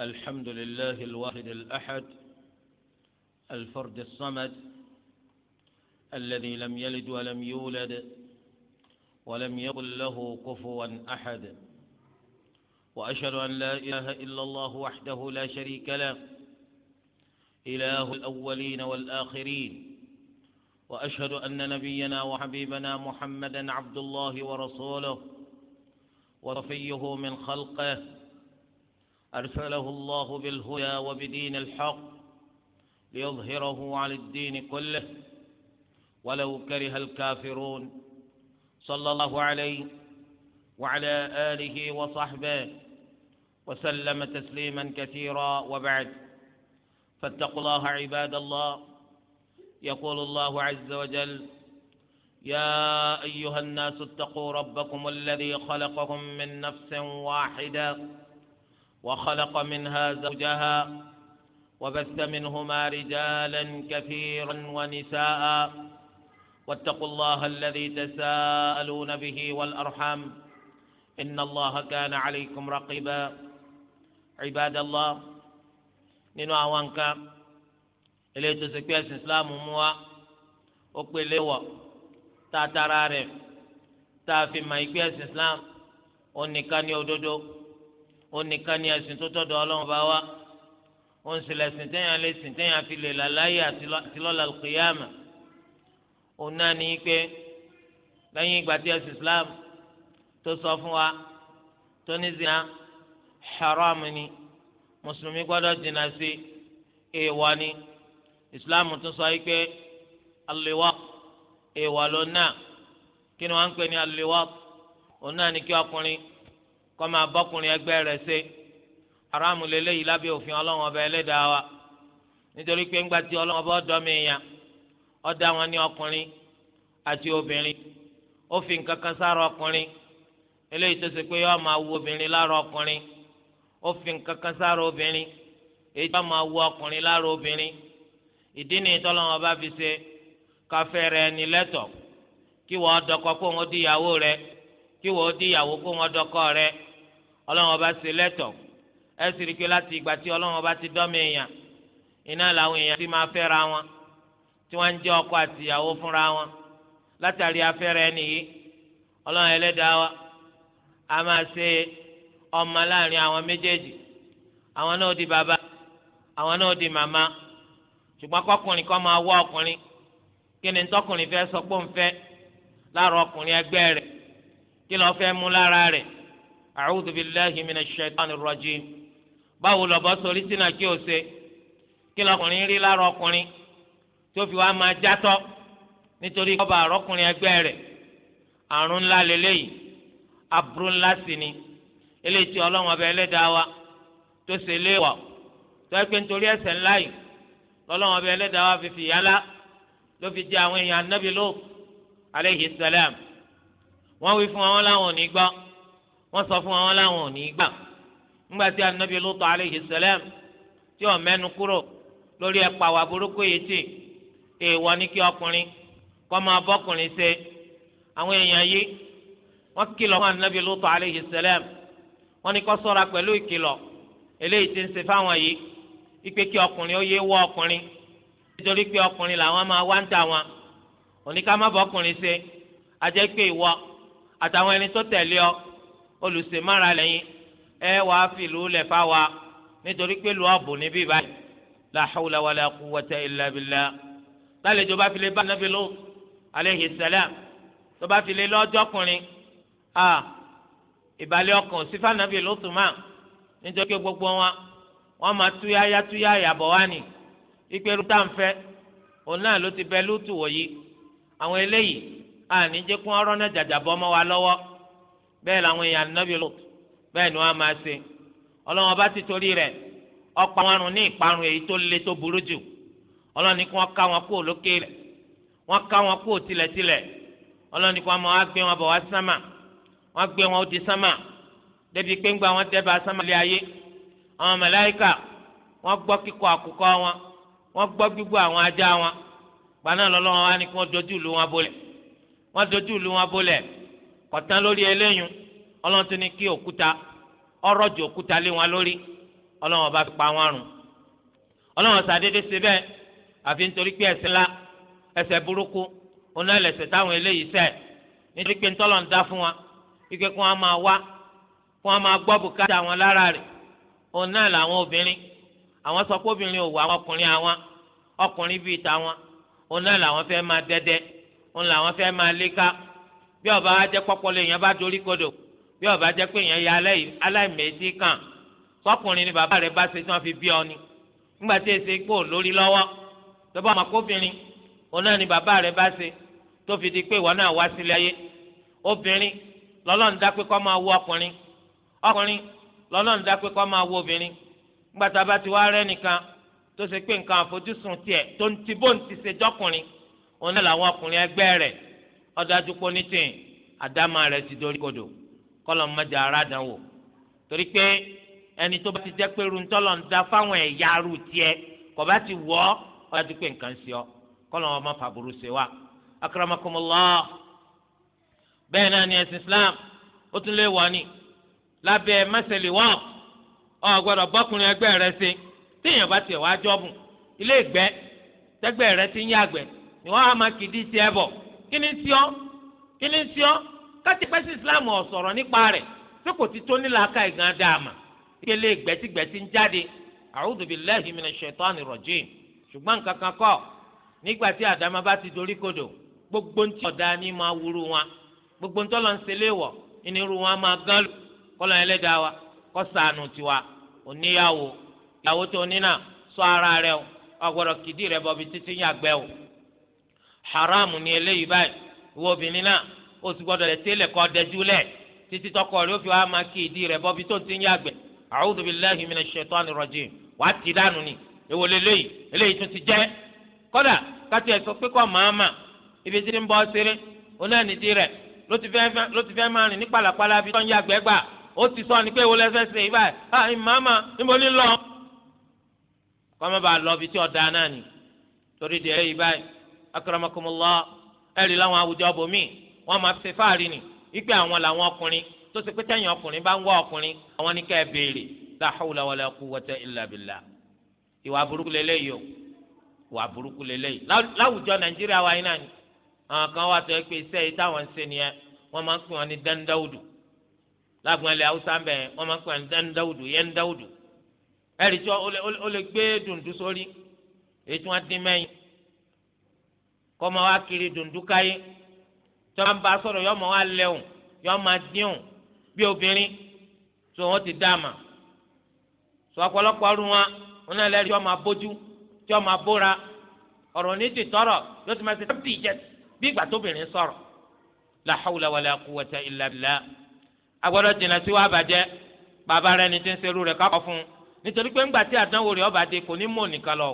الحمد لله الواحد الأحد الفرد الصمد الذي لم يلد ولم يولد ولم يقل له كفوا أحد وأشهد أن لا إله إلا الله وحده لا شريك له إله الأولين والآخرين وأشهد أن نبينا وحبيبنا محمدا عبد الله ورسوله وصفيه من خلقه أرسله الله بالهدى وبدين الحق ليظهره على الدين كله ولو كره الكافرون صلى الله عليه وعلى آله وصحبه وسلم تسليما كثيرا وبعد فاتقوا الله عباد الله يقول الله عز وجل يا أيها الناس اتقوا ربكم الذي خلقكم من نفس واحدة وخلق منها زوجها وبث منهما رجالا كثيرا ونساء واتقوا الله الذي تساءلون به والارحام ان الله كان عليكم رقيبا عباد الله nínú àwọn nǹkan eléyìí tó ṣe pé هو islam mú wa ó pè léwọ̀ tá rẹ̀ tá fi ó nìkan ni ẹ̀sìn tó tọ̀dọ̀ Ọlọ́run bá wá ó ń sìlẹ̀ sìn téèyàn lè sìn téèyàn fi lè làláyé àti lọ́la kìyàmà ó náà ní pé lẹ́yìn ìgbà tí ẹ̀sìn Islam tó sọ fún wa tó ní zina haram ni mùsùlùmí gbọ́dọ̀ jìnnà sí èèwọ̀ ni Islam tó sọ yìí pé aliwa èèwọ̀ ló náà kí ni wọ́n ń pè ní aliwa ó náà ní kí ọkùnrin kọ́ máa bọ́kùnrin ẹgbẹ́ rẹ̀ ṣe haramu lélẹ́yìí lábẹ́ òfin ọlọ́run ọba ẹlẹ́dàá wa nítorí pé ńgbà tí ọlọ́run ọba ọ̀dọ́mi yàn ó dá wọn ní ọkùnrin àti obìnrin ó fi nǹkan kan sára ọkùnrin eléyìí tó ṣe pé yóò máa wu obìnrin lára ọkùnrin ó fi sára obìnrin èyí tó máa wu ọkùnrin lára obìnrin ìdí ni tọ́lọ́run ọba fi ṣe káfẹ́ rẹ̀ ní lẹ́tọ̀ọ́ kí wọ́n dọkọ kó wọn di ìyàwó kí wọ́n di kó wọn dọkọ rẹ̀ ọlọ́run ọba ṣe lẹ́tọ̀ ẹ sì rí i pé láti ìgbà tí ọlọ́run ọba ti dọ́mọ èèyàn iná làwọn èèyàn ti máa fẹ́ra wọn tí wọ́n ń jẹ́ ọkọ àtìyàwó fúnra wọn látàrí afẹ́rẹ́ ẹni yìí ọlọ́run ẹlẹ́dàá wa a máa ṣe ọmọ láàrin àwọn méjèèjì àwọn náà di bàbá àwọn náà di màmá ṣùgbọ́n kọkùnrin kọ́ máa wá ọkùnrin kí ni tọkùnrin fẹ́ sọ pé òun fẹ́ láàrọ̀ ọkùnrin ẹgbẹ́ rẹ̀ kí lọ́ọ́ fẹ́ mú lára rẹ̀ a'udhu billahi minash shaitanir rajim báwo lọ́bọ̀ sọrí sínú àkí òsè kí lọkùnrin rí lára ọkùnrin tó fi wá máa játọ́ nítorí kọ́ba àrọ́kùnrin ẹgbẹ́ rẹ̀ àrùn ńlá lélẹ́yìí aburú ńlá sì ni eléyìí tí ọlọ́run ọba ẹlẹ́dàá wa tó ṣe léèwọ̀ tó ẹ pé nítorí ẹ̀ṣẹ̀ ńlá yìí lọ́lọ́run ọba ẹlẹ́dàá wa fi fìyà lá ló fi jẹ àwọn èèyàn anábì lóò alayhi wọ́n wí fún wọn láwọn ò ní gbọ́ wọ́n sọ fún wọn láwọn ò ní gbà ńgbà tí anabi lótọ́ aleyhi sẹlẹ̀m tí ò mẹ́nu kúrò lórí ẹ̀pà wà burúkú yìí tì èèwọ̀ ní kí ọkùnrin kọ́ máa bọ́kùnrin ṣe àwọn èèyàn yìí wọ́n kìlọ̀ fún anabi lótọ́ aleyhi sẹlẹ̀m wọ́n ní kó ṣọ́ra pẹ̀lú ìkìlọ̀ eléyìí ti ń ṣe fáwọn yìí ipe kí ọkùnrin ó yé wọ ọkùnrin nítorí pé ọkùnrin làwọn máa wá ń tà wọn òní ká má bọ́kùnrin ṣe àjẹ́ ìwọ àtàwọn ẹni tó tẹ̀lé ọ olùsèmára lẹ́yìn ẹ wàá fìlú lẹ̀ fáwa nítorí pé lu ààbò níbí báyìí la hawla wala quwwata illa billah lálejò bá file bá nàbí lò aleyhi salam tó bá file lọ́jọ́kùnrin a ìbàlẹ̀ ọkàn sífà nàbí lò tùmá nítorí pé gbogbo wọn wọn máa túyáyá túyáyá bọ̀ wá ní ìpẹ́rù tá à ń fẹ́ òun náà ló ti bẹ lótú wọ̀nyí àwọn eléyìí àníjẹ́kùn ọ̀rọ̀ náà jàjàbọ́ mọ́ wa lọ́wọ́ bẹ́ẹ̀ làwọn èèyàn ànábì Lut bẹ́ẹ̀ ni wọ́n á máa ṣe ọlọ́wọ́n bá ti torí rẹ̀ ọ̀pá wọn rùn ní ìparun èyí tó le tó burú jù ọlọ́run ní kí wọ́n ká wọn kúrò lókè rẹ̀ wọ́n ká wọn kúrò tilẹ̀tilẹ̀ ọlọ́run ní kí wọ́n máa gbé wọn bọ̀ wá sámà wọ́n gbé wọn ó di sámà débi pé ńgbà wọn dẹ́ba sámà lé ayé àwọn màláíkà wọ́n gbọ́ kíkọ àkùkọ wọn wọ́n gbọ́ gbígbó àwọn ajá wọn gbaná lọ́lọ́run wá ní kí wọ́n dojú ìlú wọn bolẹ̀ wọ́n dojú ìlú wọn bolẹ̀ kọtán lórí eléyìn Ọlọ́run tún ní kí òkúta ọrọjò òkúta lé wọn lórí Ọlọ́run ọba fi pa wọn rùn Ọlọ́run sàdédé ṣe bẹ́ẹ̀ àfi nítorí pé ẹ̀ṣẹ̀ la ẹ̀ṣẹ̀ burúkú oná ẹlẹsẹ táwọn eléyìí ṣẹ̀ nítorí pé ntọ́lọ̀ ń dá fún wa ike kí wọ́n máa wá kí wọ́n máa gbọ́ bùkátà wọn lára rẹ̀ oná làwọn obìnrin àwọn sọ pé obìnrin ò wá àwọn ọkùnrin àwọn ọkùnrin bíi tàwọn oná làwọn fẹ́ máa dẹ́dẹ́ òun làwọn fẹ́ máa léka bí ọba wa jẹ́ pọ́pọ́lọ́ èèyàn bá dorí kodò bí ọba jẹ́ pé èèyàn ya aláìmẹ̀ẹ́sì kan sọkùnrin ni bàbá rẹ̀ bá ṣe tí wọ́n fi bí ọ ni nígbà tí èsì pò lórí lọ́wọ́ tó bá ọmọkóbìnrin òun náà ni bàbá rẹ̀ bá ṣe tó fi di pé ìwọ náà wá sílé ayé obìnrin lọ́lọ́run dá pé kó máa wo ọkùnrin ọkùnrin lọ́lọ́run dá pé máa wo obìnrin nígbà tá a ti wá rẹ́ nìkan tó ṣe pé nǹkan àfojúsùn tiẹ̀ tó ń ti bó ń ti ṣe jọ́kùnrin òun náà làwọn ọkùnrin ẹgbẹ́ rẹ̀ ọdájú pọ ní tìǹ àdámà rẹ ti dorí kodò kọlọ mọjà aládàn wò torí pé ẹni tó bá ti jẹ pé runtọlọ ń da fáwọn ẹ̀yà arú tiẹ̀ kò bá ti wọ ọdájú pé nǹkan sí ọ kọlọ wọn má fàbùrù sí wa akramakumullah bẹ́ẹ̀ náà ni ẹ̀sìn islam ó tún lè wọ ni lábẹ́ mẹsẹlẹ wọn ọ gbọ́dọ̀ bọkùnrin ẹgbẹ́ rẹ ṣe téèyàn bá tiẹ̀ wá jọbùn ilé ìgbẹ́ tẹgbẹ́ rẹ ti ń yàgbẹ́ ni wọn á máa kìdí tiẹ̀ bọ̀ kí ni sí ọ kí ni sí ọ káti pẹ́sì islam ọ̀ sọ̀rọ̀ nípa rẹ̀ tí kò ti tó nílàáká ìgbọ̀n dáàmà ìkẹlẹ gbẹ̀tígbẹ̀tí ń jáde a'udhu billahi minash shaitani rajim ṣùgbọ́n nǹkan kan kọ́ nígbà tí àdámà bá ti dorí kodò gbogbo ń tí ọ̀dà ni máa wúru wọn gbogbo ń tọ́lọ̀ ń ṣẹlẹ̀ wọ̀ ìnirú wọn máa gán lù kọ́lọ̀ ẹlẹ́dàá wa kọ́ sànù tiwa oníyàwó ìyàwó tó ní náà ṣọ́ ara rẹ o ọ̀gbọ́dọ̀ kìdí haramu ni eléyìí báyìí Wo obìnrin náà o ti gbọ́dọ̀ lè tẹ́lẹ̀ kọ́ dẹ́jú lẹ̀ títí tọkọ rẹ̀ fi wa máa kí ìdí rẹ̀ bọ́ bí tó ti ń yàgbẹ́ a'udhu billahi minash shaitani rajim wà á ti dànù ni èwo lélẹ́yìí eléyìí ti jẹ́ ibi tí ń bọ́ seré onáànídì rẹ̀ ló ti fẹ́ máa rìn ní pàlàpàlà bí tó ń yàgbẹ́ gbà ti sọ ni pé èwo lẹ́fẹ́ ah, níbo akramakumullah ẹ̀rí láwọn àwùjọ bòmíì wọ́n máa ṣe fáàrí ni wípé àwọn làwọn ọkùnrin tó ṣe pé tẹ̀yìn ọkùnrin bá ń wá ọkùnrin àwọn ní ká ẹ béèrè la hawla wala quwwata illa billah ìwà burúkú lélẹ́yìí o ìwà burúkú lélẹ́yìí láwùjọ nàìjíríà wa yìí náà ni àwọn kan wà tó ẹ pé iṣẹ́ yìí táwọn ń ṣe nìyẹn wọ́n máa ń pè wọ́n ní dandawudu lágùn haúsá ń bẹ̀ wọ́n máa ń pè wọ́n ní dandawudu yẹn dawudu ẹ̀rí ó lè gbé dundun sórí èyí tí wọ́n dín mẹ́yìn kọ́mọ wa kiri dundunka yìí tọ́ba ń bá sọ̀rọ̀ yọ́mọ wa lẹ́hùn yọ́mọ díhùn bí obìnrin tó wọ́n ti dáàmà sọ ọ̀pọ̀lọpọ̀ ọdún wa wọn náà lẹ́rìí yọ́mọ abójú tí ọmọ abóra ọ̀rọ̀ ní ti tọrọ yóò ti máa ṣe tábìlì ìjẹ bí ìgbà tóbìnrin sọ̀rọ̀ la hawla wala quwwata illa billah agbọ́dọ̀ jìnnà sí wa bàjẹ́ bàbá rẹ ni ti ń serú rẹ kápọ̀ fún nítorí pé ńgbà tí àdánwò rẹ ọba kò ní mọ̀ nìkan lọ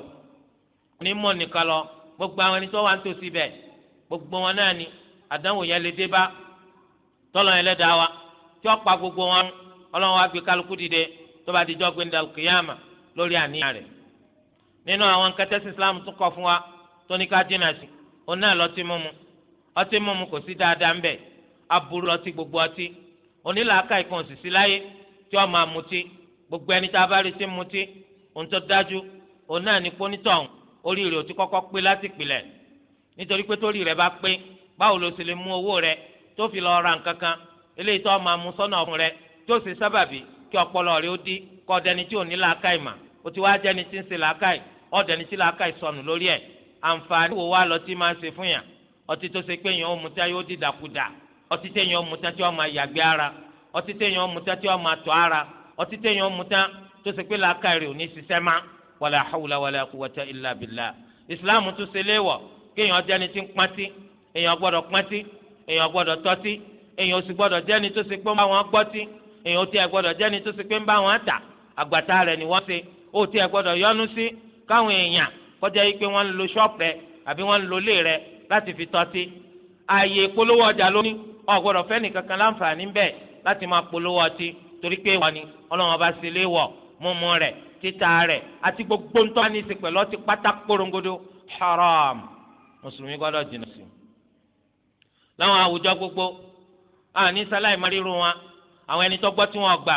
kò ní mọ̀ nìkan lọ gbogbo àwọn ẹni tó wà ń tòsí bẹ́ẹ̀ gbogbo wọn náà ni àdánwò yẹn lè dé bá tọ́lọ̀ yẹn lẹ́dàá wa tí wọ́n pa gbogbo wọn ọlọ́run wa gbé kálukú dìde tó bá dijọ́ gbé ndàlù kìyàmà lórí àníyàn rẹ̀ nínú àwọn kẹtẹ́sì Islam tó kọ fún wa tó ní ká dínà sí òun náà lọ́tí mímu ọtí mímu kò sí dáadáa ń bẹ aburú lọ́tí gbogbo ọtí onílàákà ìkan òsìsí láyé tí wọ́n máa gbogbo ẹni tá a bá rí sí mutí òun tó dájú òun náà ní pónítọ̀hún orí rẹ̀ ò ti kọ́kọ́ pé láti pilẹ̀ nítorí pé torí rẹ̀ bá pé báwo ló sì lè mú owó rẹ̀ tó fi lọ ra nǹkan kan eléyìí tó máa mú sọ́nà ọ̀fun rẹ̀ tí ó sì sábàbí kí ọpọlọ rẹ̀ ó dí kọ́ dẹni tí ò ní làákàyè mà ó ti wá dẹni tí ń ṣe làákàyè ọ́ tí làákàyè sọnù lórí ẹ̀ àǹfààní wo wá lọ tí máa ṣe fún yàn ọtí tó ṣe pé yàn ó mu tá yóò dìdàkudà ọtí téèyàn ó mu tí wọ́n máa yàgbé ara ọtí téèyàn ó mu tí wọ́n máa tọ̀ ara ọtí téèyàn ó mu tá tó ṣe pé làákàyè rẹ̀ ò ní ṣiṣẹ́ máa wàlà hawla wàlà quwwata illa billah ìsìláàmù tún ṣe léèwọ̀ kéèyàn jẹ́ni tí ń pọ́ntì èèyàn gbọ́dọ̀ pọ́ntì èèyàn gbọ́dọ̀ tọ́tí èèyàn sì gbọ́dọ̀ jẹ́ni tó ṣe pé ń bá wọn gbọ́tí èèyàn tí ẹ gbọ́dọ̀ jẹ́ni tó ṣe pé ń bá wọn tà àgbàtà rẹ̀ ni wọ́n ṣe ó tí ẹ gbọ́dọ̀ yọnu sí káwọn èèyàn kọjá yìí pé wọ́n ń lo ṣọ́ọ̀pù rẹ̀ àbí wọ́n ń lo ilé rẹ̀ láti fi tọ́tí ààyè ìpolówó ọjà lóní o gbọ́dọ̀ fẹ́ nìkankan láǹfààní bẹ́ẹ̀ láti máa polówó ọtí torí pé wọ́n ni Ọlọ́run bá ṣe léèwọ̀ mímu rẹ̀ títà rẹ̀ àti gbogbo ń tọ́ka ní ìsìn pẹ̀lú ọtí pátá korongodo haram mùsùlùmí gbọ́dọ̀ jìnnà sí i. láwọn àwùjọ gbogbo àní sáláì máa ríru wọn àwọn ẹni tó gbọ́ tí wọ́n gbà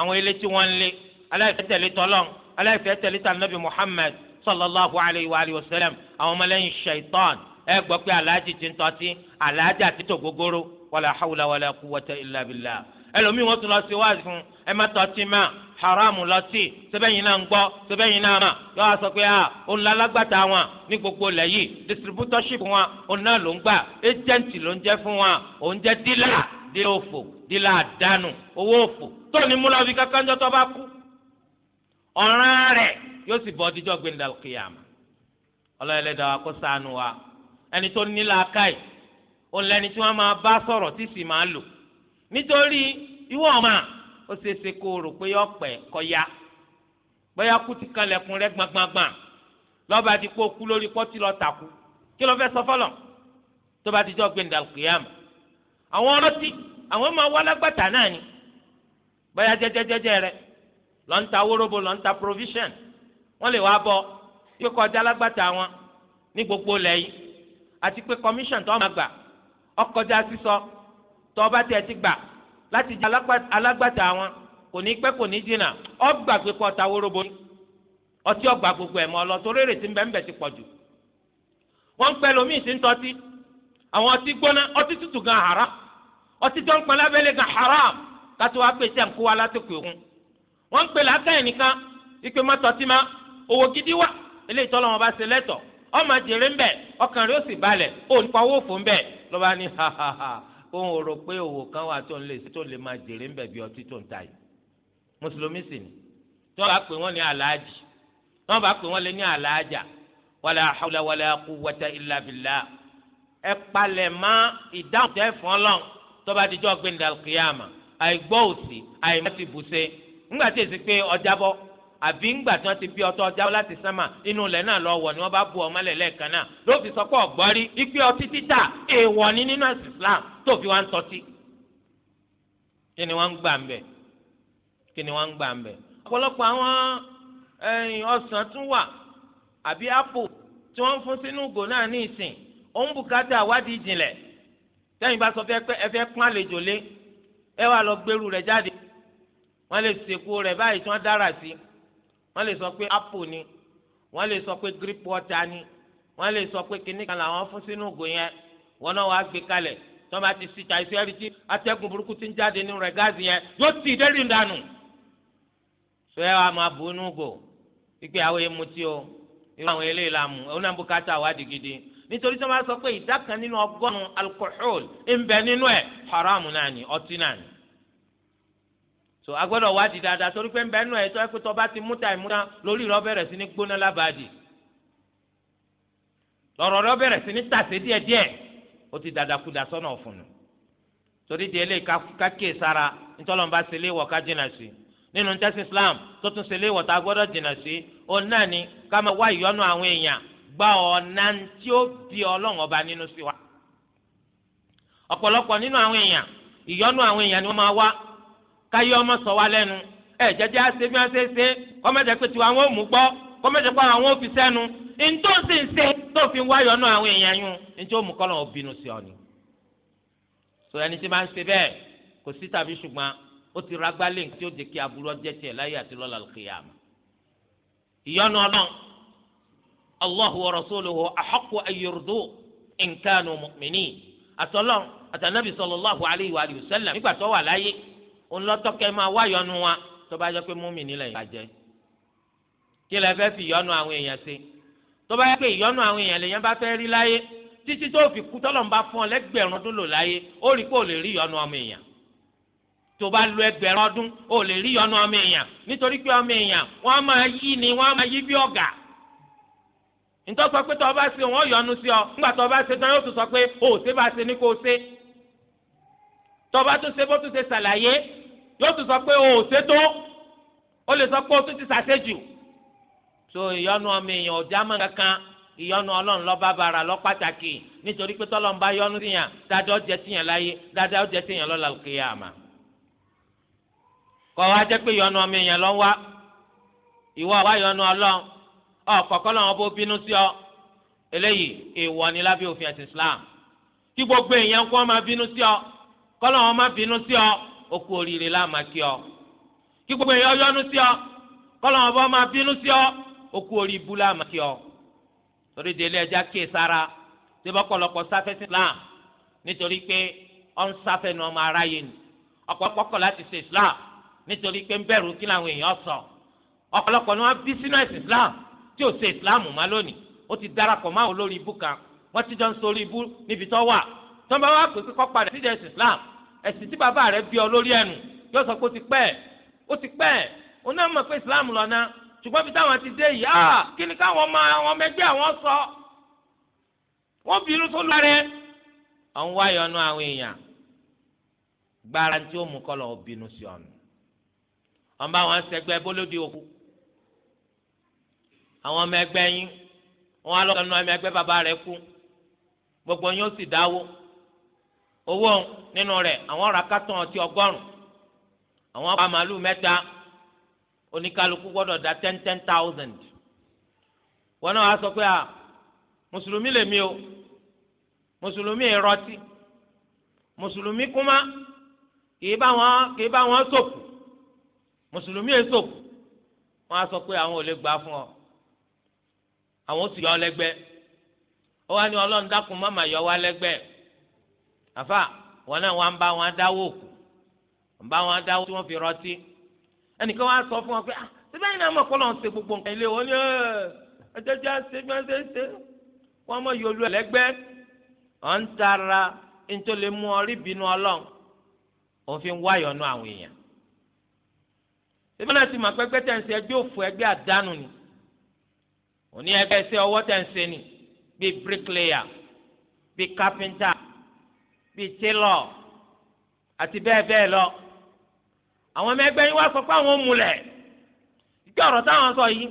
àwọn ilé tí wọ́n ń lé aláìfẹ́ tẹ̀lé tọ́lọ́n aláìfẹ́ tẹ̀lé tànàbí Muhammad sallallahu alayhi wa alihi wa sallam àwọn ọmọlẹ́yìn shaitan ẹ gbọ́ pé aláàjì ti ń tọ́tí aláàjì àti tògógóró wàlá hawla wàlá kúwàtà ìlà bìlà ẹlòmíì wọ́n tún lọ sí wáàsí fún ẹ má tọ́tí mà haramu lọtí sẹbẹyìn náà ń gbọ́ sẹbẹyìn náà mà yọ wá sọ pé a ah, òun la alágbàtà wọn ní gbogbo ilẹ̀ yìí distributorship wọn òun náà ló ń gbà agent ló ń jẹ́ fún wọn òun jẹ́ dílà dílà òfò dílà àdánù owó òfò tó ní múlò fi kankan jọ tó bá kú ọ̀ràn rẹ̀ yóò sì bọ́ díjọ́ gbẹ̀ndàkìyàmà ọlọ́yẹlẹ́dàá wa kó ṣàánú wa ẹni tó nílà káì òun lẹni tí wọ́n máa bá sọ̀rọ̀ nítorí ìwọ ọmọ ó ṣe é ṣe kó o rò pé ọpẹ kọyá bóyá kú ti kanlẹ̀kùn rẹ gbangbangba lọ́ba ti kó kú lórí pọ́tì lọ́ọ́ takú kí ló fẹ́ sọ fọlọ́ tó bá ti jọ gbé ndàlùkìyàm àwọn ọlọ́tí àwọn máa wá lágbàtà náà ni bóyá jẹ́jẹ́jẹ́jẹ́ rẹ lọ́n ta wóróbo lọ́n provision wọ́n lè wá bọ́ yóò kọjá lágbàtà wọn ní gbogbo lẹ́yìn àti pé commission tó máa gbà ọkọjá sísọ. So tọ́ba tẹ̀ ti gbà láti jẹ́ alágbàtà wọn kò ní pẹ́ kò ní jìnnà ọgbà pípọ̀ ta wóróbo ní ọtí ọgbà gbogbo ẹ̀ mọ́ lọ torí èrè tí ń bẹ ń bẹ ti pọ̀ jù wọ́n ń pẹ́ lómìn sí ń àwọn ọtí gbóná ọtí tútù gan haram ọtí tó ń pọn lábẹ́lẹ́ gan haram kátó wá pèsè àǹkó wa látòkè òkun wọ́n ń pè lákàyè nìkan ìpè mọ́tọ́tí má owó gidi wá eléyìí tọ́lọ́ wọn bá ṣe lẹ́tọ̀ ọmọ jèrè ń bẹ̀ ọkàn rẹ̀ ó sì balẹ̀ ó ní pawó fò ń bẹ̀ lọ́ba ní ha ha ha kó ń rò pé òwò kan wà tó ń lè tó lè máa jèrè ń bẹ̀bí ọtí tó ń ta yìí mùsùlùmí sì ni tí bá pè wọ́n ní aláàjì tí bá pè wọ́n lé ní aláàjà wàlà àhùlà wàlà quwwata illa billah ẹ palẹ̀ mọ́ ìdáhùn tẹ́ fún ọlọ́run tó bá dijọ́ gbẹ̀ndàkìyàmà àìgbọ́ òsì àìmọ́tì bùṣe ńgbà tí èsì pé ọjà bọ́ àbí ńgbà tí wọ́n ti bí ọtọ ọjà láti sánmà inú ilẹ̀ náà lọ wọ̀ ni wọ́n bá bu ọmọ lẹ̀ lẹ́ẹ̀kan náà ló sọ pé ọ̀gbọ́rí ipe ọtí títà èèwọ̀ ni nínú ẹ̀sìn Islam tó fi wá ń tọ́tí kí ni wọ́n ń gbà ń bẹ̀ kí ni wọ́n ń gbà ń bẹ̀ ọ̀pọ̀lọpọ̀ àwọn ọsàn tún wà àbí apple tí wọ́n ń fún sínú ìgò náà ní ìsìn òun bùkátà àwádìí ìjìnlẹ̀ tẹ́yìn bá sọ fẹ́ pé ẹ fẹ́ pọ́n àlejò lé ẹ wá lọ gbèrú rẹ̀ jáde wọ́n lè sèkú rẹ̀ báyìí tí wọ́n dára sí wọ́n lè sọ pé apple ni wọ́n lè sọ pé grip water ni wọ́n lè sọ pé kinní làwọn fún sínú ìgò yẹn wọ́n náà wàá gbé kalẹ̀ tí wọ́n bá ti sí ṣàìsí ẹ̀rí tí atẹ́gùn burúkú ti ń jáde nínú rẹ̀ gáàsì yẹn yóò tì í délì dànù. sọ ẹ wàá máa bùnú gò pípé àwọn èèmù tí o irú àwọn eléyìí la mú ọ̀nà bùkátà wádìí gidi nítorí tí wọ́n bá sọ pé ìdá kan nínú ọgọ́rùn-ún alkohol ń bẹ nínú ẹ̀ haramu náà ni ọtí náà ni. so agbọ́dọ̀ wádìí dáadáa torí pé ń bẹ nínú ẹ̀ tó ẹ pé tó bá ti múta ìmúta lórí rẹ̀ bẹ̀rẹ̀ ó ti dada sọ́nà ọ̀fun nù torí di eléyìí kákìí sára ntọ́lọ́mùbá ṣe léwọ̀ ká jìnnà sí nínú tẹ́sí Islam tó tún ṣe léwọ̀ tá a gbọ́dọ̀ jìnnà sí náà ni ká máa wá àwọn èèyàn gba ọ̀nà tí ó ọba nínú sí wa ọ̀pọ̀lọpọ̀ nínú àwọn èèyàn ìyọ́nú àwọn èèyàn ni wọ́n máa wá káyé ọmọ sọ wá ẹ jẹjẹ bí ṣe ṣe kọ́mẹ́tẹ̀ pé ò mú tó fi wáyọ̀ náà àwọn èèyàn yún ní tí ó mú kọ́lọ̀ òbínú sí ọ ni. sọ ẹni tí máa ń ṣe bẹ́ẹ̀ kò sí tàbí ṣùgbọ́n ó ti ra gbálẹ̀ tí ó jẹ́ kí aburú ọjẹ́ tiẹ̀ láyé àti lọ́la al-qiyama. ìyọnu ọlọ́run Allahu wa rasuluhu ahaqqu an yurdu in kanu mu'minin àtọ́lọ́run àtànábì sallallahu nígbà tó wà láyé òun lọ́tọ́kẹ́ máa wáyọ̀nu wa tó bá jẹ́ pé mùmínì lẹ́yìn bàjẹ́ kí lẹ fẹ́ fi yọnu àwọn èèyàn sí i tó bá yẹ pé ìyọnu àwọn èèyàn lèèyàn bá fẹ́ rí láyé títí tó fi kú tọ́lọ̀ ń bá fún ọ lẹ́gbẹ̀rún ọdún lò láyé ó rí pé ò lè rí ìyọnu ọmọ èèyàn tó bá lo ẹgbẹ̀rún ọdún ò lè rí ìyọnu ọmọ èèyàn nítorí pé ọmọ èèyàn wọ́n máa yí ni wọ́n á máa yí bí ọ̀gà nítorí sọ pé tó o bá ṣe wọ́n yọnu sí ọ nígbà tó o bá ṣe tán yóò tún sọ pé o ò ṣe bá ṣe ní kó o ṣe tó o bá tún ṣe bó tún ṣe ṣàlàyé yóò tún sọ pé o ò ṣe tó o lè sọ pé o tún ti ṣàṣejù so ìyọnu ọmọ èèyàn ọjà mọ kankan ìyọnu Ọlọ́run lọ bá bara lọ pàtàkì nítorí pé tọlọ́run bá yọnu tìyàn dáadáa ó jẹ tìyàn láyé dáadáa ó jẹ tìyàn lọ́la al-qiyāmah kọ wá jẹ pé ìyọnu ọmọ èèyàn lọ wá ìwọ wá ìyọnu Ọlọ́run ọkọọkọ lọ́run bó bínú sí ọ eléyìí èèwọ̀ ni lábẹ́ òfin ẹsìn Islam kí gbogbo èèyàn kó máa bínú sí ọ kọlọ wọn máa bínú sí ọ okú oríire láàmà kí ọ kí gbogbo èèyàn yọnu sí ọ kọlọ wọn bá máa bínú sí ọ okú orí ibú láàmú kí ọ torí délé ẹja kí sára tí bọ́ pọ̀lọpọ̀ Islam nítorí pé ọ ń sáfẹ́ nu ọmọ aráyé ni ọ̀pọ̀lọpọ̀ kọ̀ láti ṣe Islam nítorí pé ń bẹ̀rù kí làwọn èèyàn sọ ọ̀pọ̀lọpọ̀ ni wọ́n bí sínú ẹ̀sìn Islam tí ò ṣe Islam má lónìí ó ti darapọ̀ máa olórí ibú kan wọ́n ti jọ ń sori ibú níbi tó wà tó ń bá wà pé kíkọ́ padà sí Islam ẹ̀sìn tí bàbá rẹ̀ bí ọ lórí ẹnu yóò sọ pé ti pẹ́ ó ti pẹ́ ṣùgbọ́n bí táwọn ti dé yìí áà ah. ah, kí ni káwọn ọmọ àwọn ọmọ ẹgbẹ́ àwọn sọ wọ́n bínú tó lára ẹ̀ ọ̀hún wáyọ̀ ọ̀nà àwọn èèyàn gbára tí ó mú kọ́ lọ́ọ́ bínú sí ọ̀nà wọ́n bá wọn ṣẹgbẹ́ bólódì òkú àwọn ọmọ ẹgbẹ́ yín wọ́n á lọ́kàn náà ọmọ ẹgbẹ́ bàbá rẹ̀ kú gbogbo yín ó sì dáwó owó nínú rẹ̀ àwọn ọ̀rà ọtí ọgọ́rùn-ún àwọn ọkọ̀ àmàlù mẹ́ta oníkálukú gbọ́dọ̀ da ten ten thousand wọn náà wá sọ pé a mùsùlùmí lèmi o mùsùlùmí ìrọtí mùsùlùmí kúmá kì í bá wọn kì í bá wọn sòkù mùsùlùmí èsòkù wọn á sọ pé àwọn ò lè gbà fún ọ àwọn ò sì yọ ọ lẹ́gbẹ́ ó wá ní Ọlọ́run dákun má yọ wá lẹ́gbẹ́ àfà wọn náà wọn bá wọn dáwó òkú wọn bá wọn dáwó tí wọn fi rọtí ẹnìkan wá sọ fún wọn pé ah ṣé báyìí náà mọ̀ kọ́ lọ́n ṣe gbogbo nǹkan ilé wọn ni ẹjọ́ já ṣe bí wọ́n ṣe ṣe wọ́n mọ̀ yòlú ẹ̀ lẹ́gbẹ́ ọ̀ ń tara ntọ́ lè mú ọ rí bínú ọlọ́run òfin wáyọ̀ nú àwọn èèyàn ṣébí náà ti mọ̀ pé ẹgbẹ́ tẹ̀sí ẹgbẹ́ òfò ẹgbẹ́ àdánù ni òní ẹgbẹ́ ẹsẹ̀ ọwọ́ tẹ̀sí ni bíi bricklayer bíi carpenter bíi tailor àti bẹ́ẹ̀ bẹ́ẹ̀ lọ àwọn ọmọ ẹgbẹ́ yín wá sọ pé àwọn múlẹ̀ ìjọ ọ̀rọ̀ táwọn sọ yìí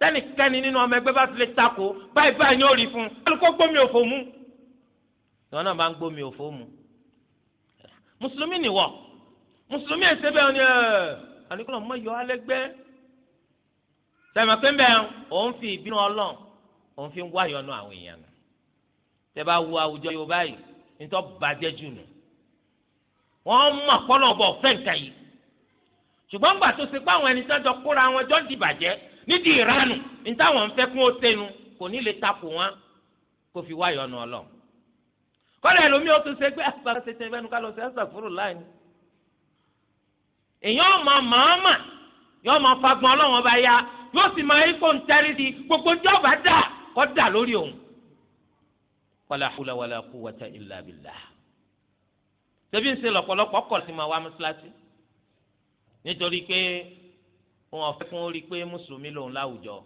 tẹ́nìkẹ́ni nínú ọmọ ẹgbẹ́ bá ti lè takò báyìí báyìí yóò rí fún un gbómi òfò mu ìwọ náà bá ń gbómi òfò mu mùsùlùmí nìwọ mùsùlùmí ẹsẹ bẹ́ẹ̀ ni àníkùnà mọ yọ alẹ́gbẹ́ tẹ̀mọ̀pé bẹ́ẹ̀ òun fi ìbínú ọlọ́run òun fi ń wá yọnu àwọn èèyàn nù tẹ bá wo àwùjọ yorùbá yìí nítorí bàjẹ́ jù nù wọ́n mọ̀ kọ́lọ̀ bọ̀ fẹ́ǹkà yìí ṣùgbọ́n gbà tó ṣe pé àwọn ẹni tó jọ kóra wọn jọ ń dìbàjẹ́ nídìí ìranù ní táwọn ń fẹ́ kún ó tẹnu kò ní lè takò wọn kó fi wáyọ̀ ọ̀nà ọlọ́run kọ́lá ẹlòmíì ó tún ṣe pé àgbàdo ah, ṣe tẹ̀ fẹ́nu ká lọ sí ẹ̀sẹ̀ fúrú láàyè èèyàn ọmọ màámà yóò máa fagbọn ọlọ́run ọba ya yóò sì máa ikọ̀ ń tẹ́rí di gbogbo tí ọba dà kọ́ dà lórí òun kọ́lá hula wàlá quwwata illa billah ṣebí ń ṣe lọ́pọ̀lọpọ̀ kọ̀ sí máa wá mọ́ṣáláṣí nítorí pé wọn ò fẹ́ kún ó pé mùsùlùmí lòun láwùjọ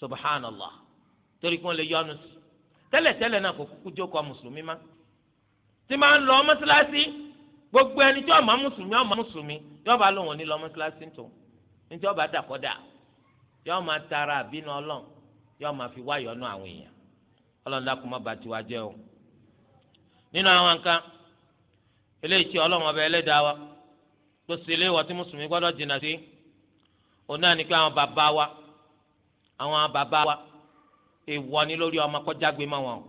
subhanallah torí kí wọn lè yọnu sí tẹ́lẹ̀tẹ́lẹ̀ náà kò kúkú jókòó mùsùlùmí má tí máa ń lọ mọ́sálásí gbogbo ẹni tí ọmọ mùsùlùmí ọmọ mùsùlùmí yóò bá lòun ní lọ mọ́sálásí tó ní tí ọba dàkọ́dà yóò máa tara àbínú ọlọ́n yóò máa fi àwọn èèyàn ọlọ́run dákun má jẹ́ o nínú àwọn nǹkan eléyìí tó sì léwọ tí mùsùlùmí gbọ́dọ̀ jìnnà sí òun náà ni pé àwọn bàbá wa àwọn bàbá wa èèwọ̀ ni lórí ọmọ kó jágbe mọ́ wọn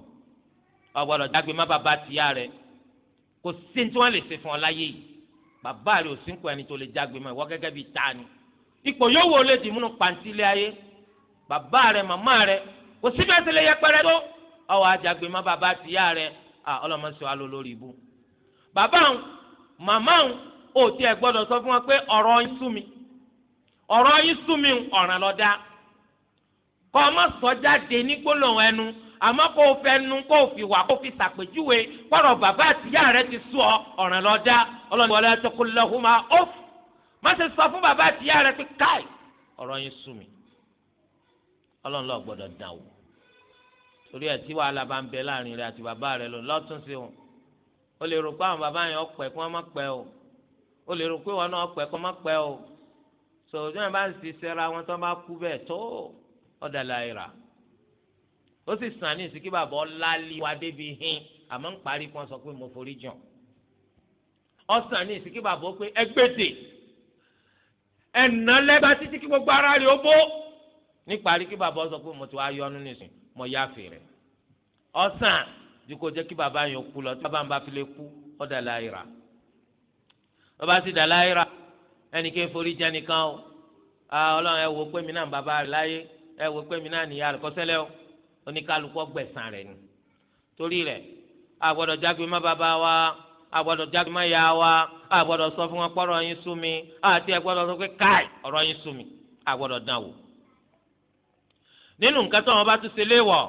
o gbọ́dọ̀ jágbe má bàbá tìyá rẹ kò sí ní tí wọ́n lè ṣe fún ọ láyé yìí bàbá rẹ ò sínkù ẹni tó lè jágbe mọ́ ìwọ gẹ́gẹ́ bíi ta ni ipò yóò wò lè dìmúnú pàǹtí ilé ayé bàbá rẹ màmá rẹ kò sí bẹ́ẹ̀ tẹ́lẹ̀ yẹpẹrẹ tó ọwọ́ ajágbe má bàbá tìyá rẹ ọlọ́mọ sọ alólórí ibú bàbá òun màmá òun ó ti ẹ̀ gbọ́dọ̀ sọ fún wọn pé ọ̀rọ̀ yín sú mi ọ̀rọ̀ yín sú mi ọ̀ràn lọ́dá kọ́ ọ má sọ jáde ní gbólóhùn ẹnu àmọ́ kó o fẹ́ nu kó o fi wà kó o fi sàpèjúwe kọ́rọ̀ bàbá àtìyá rẹ ti sú ọ ọ̀ràn lọ́dá ọlọ́ni wọlé ẹ̀ tọkọ lọ́hùn máa ó má ṣe sọ fún bàbá àtìyá rẹ pé káì ọ̀rọ̀ yín sú mi ọlọ́run lọ́ọ́ gbọ́dọ̀ dàn wò torí ẹ̀ tí wàhálà bá ń bẹ láàrin rẹ àti bàbá rẹ lọ lọ́tún sí wọn ó lè rò pé àwọn bàbá yẹn ọ̀pẹ kí wọ́n má pẹ́ o o lè rò pé wọn náà pẹ́ kọ́ má pẹ́ o sọ̀rọ̀ tí wọ́n bá ń ṣiṣẹ́ ra wọn tó bá kú bẹ́ẹ̀ tó ọ̀dà láìra ó sì sàn ní ìsìnkí bàbá ọ̀làlí wa débi hin àmọ́ ń parí kan sọ pé mo forí jàn ó sàn ní ìsìnkí bàbá ó pé ẹgbẹ́dẹ̀ ẹ̀nà lẹ́ba títí kí gbogbo ara rẹ̀ ó bó níparí kí bàbá ó sọ pé mo ti wá yọnu nísìn mo yá fèrè ó ju kó jẹ́ kí bàbá yẹn kú lọ tí bàbá ń bá fi kú ọ̀dà láìra bàbá sì dà láyé ra ẹnìkan forí jẹ nìkan o ọlọ́run ẹ wò pé mi náà bàbá rẹ láyé ẹ wò pé mi náà nìyá rẹ kọ́sẹ́lẹ́ o oníkálukọ́ gbẹ̀sán rẹ̀ ni torí rẹ̀ àgbọ̀dọ̀ jágbe má bàbá wa àgbọ̀dọ̀ jágbe má yá wa àgbọ̀dọ̀ sọ fún wọn pọ́rọ̀ yín sú mi àti àgbọ̀dọ̀ sọ pé káì ọ̀rọ̀ yín sú mi àgbọ̀dọ̀ dán wò. nínú nǹkan tó wọn bá tún ṣe léèwọ̀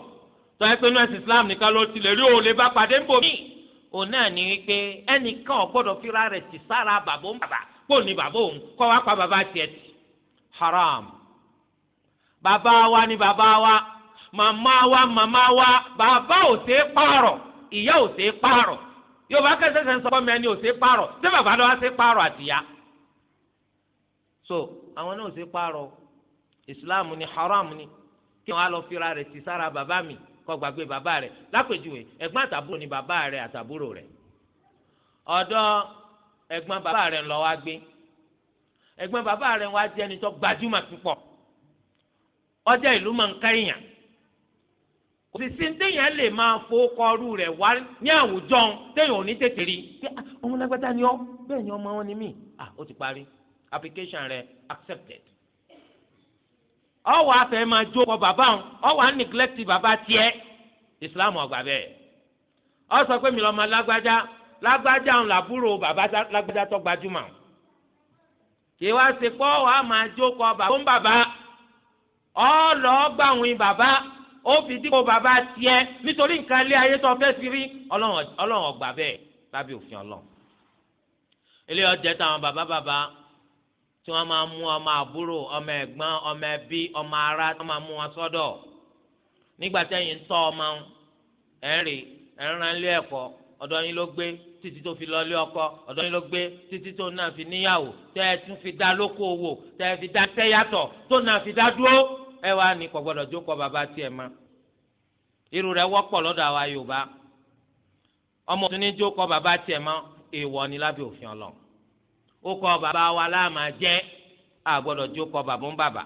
tó ẹ pé nọ́ọ̀sì Islam nìkan ló ti lè rí òòlè bá pàdé ń bò míì O náà ní wípé ẹnìkan ò gbọ́dọ̀ fira rẹ̀ tì sára bàbá òun bàbá kó ní bàbá òun kó wá pa bàbá tiẹ̀ tì haram bàbá wa ni bàbá wa màmá wa màmá wa bàbá ò ṣe é pààrọ̀ ìyá ò ṣe é pààrọ̀ yorùbá kẹsẹsẹ ń sọ fún mi ẹni ò ṣe é ṣé bàbá ló wá ṣe é àtìyá so àwọn náà ò ṣe é pààrọ̀ ìsìláàmù ni haram ni kí wọn á lọ fira rẹ̀ tì sára bàbá mi kó gbàgbé bàbá rẹ̀ lápèjúwe ẹ̀gbọ́n àtàbúrò ni bàbá rẹ̀ àtàbúrò rẹ̀ ọ̀dọ̀ ẹ̀gbọ́n bàbá rẹ̀ ńlọ wá gbé ẹ̀gbọ́n bàbá rẹ̀ wá jẹ́ ẹni tó gbajúmọ̀ púpọ̀ ọjà ìlú máa ń ká èèyàn kò sì sí téèyàn lè máa fowókọrú rẹ̀ wá ní àwùjọ téèyàn ò ní tètè rí ọmọ lágbádá ni ọ bẹ́ẹ̀ ni ọmọ wọn ni mí ah ó ti parí application rẹ̀ accepted ọwọ́ afẹ́ máa jó kọ bàbá òun ọwọ́ à ń neglect bàbá tiẹ̀ islam ọgbà bẹ́ẹ̀ ọ sọ pé mi lọ́ọ́ máa lágbájá lágbájá òun làbúrò bàbá lágbájá tó gbajúmọ̀ kí wá ṣe pọ́ ọwọ́ à máa jó kọ bàbá òun bàbá ọ lọ́ọ́ gbà wọn bàbá ó fi dípò bàbá tiẹ̀ nítorí nǹkan ilé ayé tó fẹ́ fi rí ọlọ́run ọgbà bẹ́ẹ̀ lábẹ́ òfin ọlọ́run ilé ọjẹ́ táwọn bàbá bàbá tí wọ́n máa mú ọmọ àbúrò ọmọ ẹ̀gbọ́n ọmọ ẹbí ọmọ ará tí wọ́n máa mú wọn sọ́dọ̀ nígbà tẹ́yìn ń tọ́ ọmọ ẹ̀rì ẹ̀ràn ilé ẹ̀kọ́ ọ̀dọ̀ yín ló gbé títí tó fi lọlé ọkọ ọ̀dọ̀ yín ló gbé títí tó náà fi níyàwó tẹ́ ẹ tún fi dá lóko òwò tẹ́ ẹ fi dá tẹ́yàtọ̀ tó náà fi dá dúró ẹ wá ní kò gbọ́dọ̀ jókòó bàbá tiẹ̀ mọ́ irú rẹ̀ wọ́pọ̀ lọ́dọ̀ àwa Yorùbá ọmọ tún ní jókòó bàbá tiẹ̀ mọ́ èèwọ̀ ni lábẹ́ òfin Ọlọ́run ó kọ bàbá wa láàmà jẹ́ àgbọ̀dọ̀ tí ó kọ bàbá ń bàbà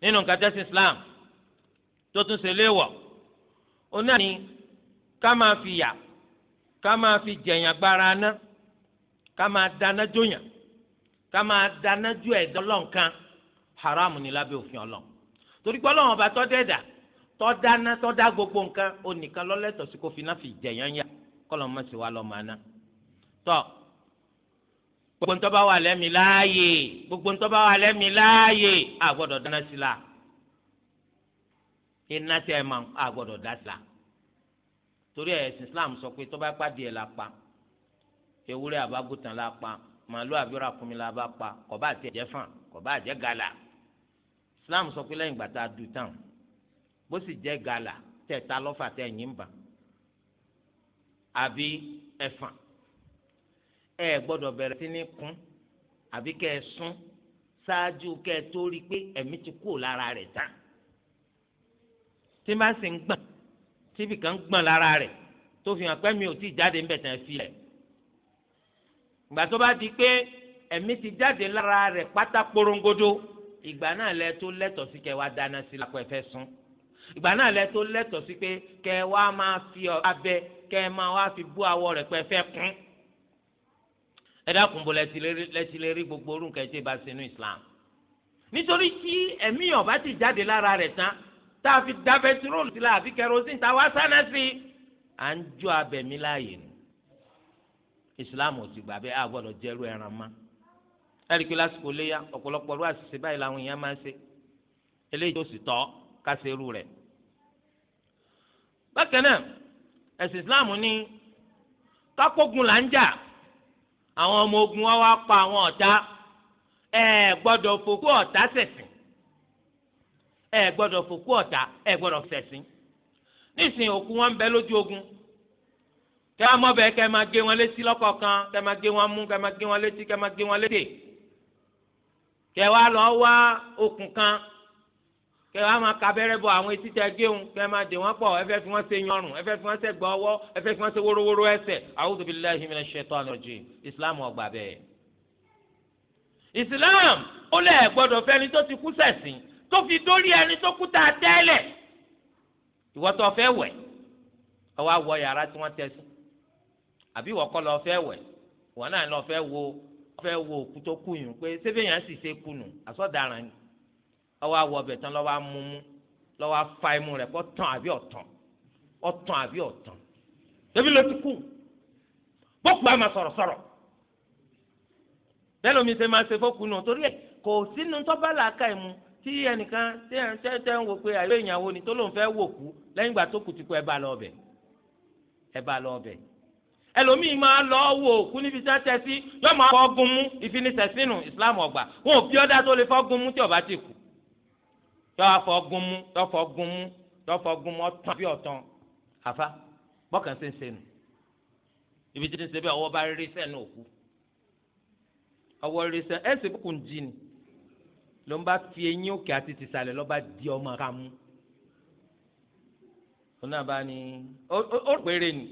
nínú kàtẹ́sì Islam tó tún ṣe léèwọ̀ ó náà ní ká máa fi yà ká máa fi jẹ̀yàn gbára ná ká máa dáná jóyàn ká máa dáná ju ẹ̀dọ́ lọ́nkan haramu ni lábẹ́ òfin ọlọ́ torí pé ọlọ́run ọba tọ́ dẹ́dà tọ́ gbogbo nǹkan onìkan lọ́lẹ́tọ̀ọ́ sí kó fi náà fi jẹ̀yàn yá kọ́lọ́ wa lọ́ọ́ máa ná tọ́. So, gbogbo ntọ́ bá wà lẹ́mi láàyè gbogbo ntọ́ bá wà lẹ́mi láàyè àgbọ̀dọ̀ dáná sí la iná tí ẹ máa àgbọ̀dọ̀ dá sí la torí ẹ̀sìn Islam sọ pé tọ́ bá pàdé ẹ̀ la pa ewúrẹ́ àbágùtàn la pa màálù àbíọ́ra kùnmi la bá pa kọ̀bá àti ẹ̀jẹ̀ fàn kọ̀bá àjẹ́ gàlà Islam sọ pé lẹ́yìn gbàtà dùn tán bó sì jẹ́ gàlà tẹ̀ ta lọ́fà tẹ̀ yín bà àbí ẹ̀fàn. E ẹ gbọ́dọ̀ bẹ̀rẹ̀ sí ní kún àbí kẹ́ ẹ sún ṣáájú kẹ́ ẹ tó rí i pé ẹ̀mí ti kúrò lára rẹ̀ tán tí bá sì ń gbọ̀n tíbi kan ń gbọ̀n lára rẹ̀ tó fi hàn pé mi ò tí ì jáde ń bẹ̀ tán fi lẹ̀ ìgbà tó bá di pé ẹ̀mí ti jáde lára rẹ̀ pátá porongodo ìgbà náà lẹ tó lẹ́tọ̀ọ́ sí kẹ́ wá dáná sí lápò ẹ̀fẹ́ sún ìgbà náà lẹ tó lẹ́tọ̀ọ́ sí pé kẹ́ wá máa fi abẹ kẹ́ máa wá fi bú awọ rẹ̀ pẹ́ fẹ́ kún ẹ dákun bó lẹ́tí lè rí gbogbo orun kẹ́tẹ́ bá sínú islam nítorí tí ẹ̀mí ọ̀bá ti jáde lára rẹ̀ tán tá a fi da bẹtiróòlù sílẹ̀ àfi kẹrosíìnì tá a wá sáná sí i à ń jó abẹ̀mí láàyè nù islam ò ti gbà bẹ́ẹ̀ a gbọ́dọ̀ jẹ́rú ẹran mọ́ ẹ̀rí lásìkò léyà ọ̀pọ̀lọpọ̀ ọdún àṣìṣe báyìí làwọn èèyàn máa ń ṣe eléyìí tó sì tọ́ ká ṣe bákan náà ẹ̀sìn islam ní kápógun là ń jà àwọn ọmọ ogun wa wá pa àwọn ọ̀tá ẹ gbọ́dọ̀ fòkú ọ̀tá ṣẹ̀sìn ẹ gbọ́dọ̀ fòkú ọ̀tá ẹ gbọ́dọ̀ ṣẹ̀sìn nísìnyí òkú wọn ń bẹ lójú ogun kẹ́ ẹ mọ́ bẹ́ẹ̀ kẹ́ ẹ máa gé wọn létí lọ́kọ̀ọ̀kan kẹ́ ẹ máa gé wọn mú kẹ́ ẹ máa gé wọn létí kẹ́ ẹ máa gé wọn létè kẹ́ ẹ wá lọ wá okùn kan kẹ wàá máa ka abẹ́rẹ́ bọ àwọn etí tẹ géun kẹ máa dè wọ́n pọ̀ ẹfẹ́ fi wọ́n ṣe yọrùn ẹfẹ́ fi wọ́n ṣe gbọ́ ọwọ́ ẹfẹ́ fi wọ́n ṣe wórówóró ẹsẹ̀ a'udhu billahi minash shaitani rajim islam ò gbà bẹ́ẹ̀. islam ó lẹ̀ gbọ́dọ̀ fẹ́ni tó ti kú sẹ̀sìn tó fi dórí ẹni tó kú tá a tẹ́lẹ̀ ìwọ tó fẹ́ wẹ̀ ọ wá wọ yàrá tí wọ́n tẹ́ sí àbí ìwọ kọ́ lọ fẹ́ wẹ̀ ìwọ náà lọ fẹ́ wo fẹ́ wo òkú tó kú yùn pé sébèyàn sì ṣe ọwọ́ awọ ọbẹ̀ tán lọ́wọ́ amúmú lọ́wọ́ afa imú rẹ̀ kọ́ tán àbí ọ̀tàn ọ̀tàn àbí ọ̀tàn tẹ́bí ló ti kú bọ́ọ̀kù àmà sọ̀rọ̀sọ̀rọ̀ bẹ́ẹ̀ lómi ṣe máa ṣe fókun nù torí ẹ̀ kò sínú tọ́ba làákà ìmú tí ẹnìkan tẹ́ ẹ tẹ́ ń wò pé àìlè ìyàwó ni tó lóun fẹ́ wò kú lẹ́yìn ìgbà tó kù ti kú ẹ bá lọ ọbẹ̀ ẹ bá lọ ọbẹ̀ ẹlòmíì máa lọ wò kú níbi tí wọ́n tẹ́ sí yọ́ọ́ máa fọ́ gun mú ìfinisẹ̀sínú ìsìlámù ọ̀gbà wọn ò bí ọ́dá tó lè fọ́ gun mú tí ọ̀bá ti kú yọ afọ gunmu yọfọ gunmu yọfọ gunmu ọtàn bí ọtàn àfa bọkàn ṣe ń ṣe nù ibi tí ń ṣe bí ọwọ́ bá rí sẹ́nu òkú ọwọ́ rí sẹ́nu ẹ̀ ṣe bùkún ni ló ń bá fi eyín òkè àti tìsàlẹ̀ lọ́ba di ọmọ ká mú òun náà bá ní ó péré ni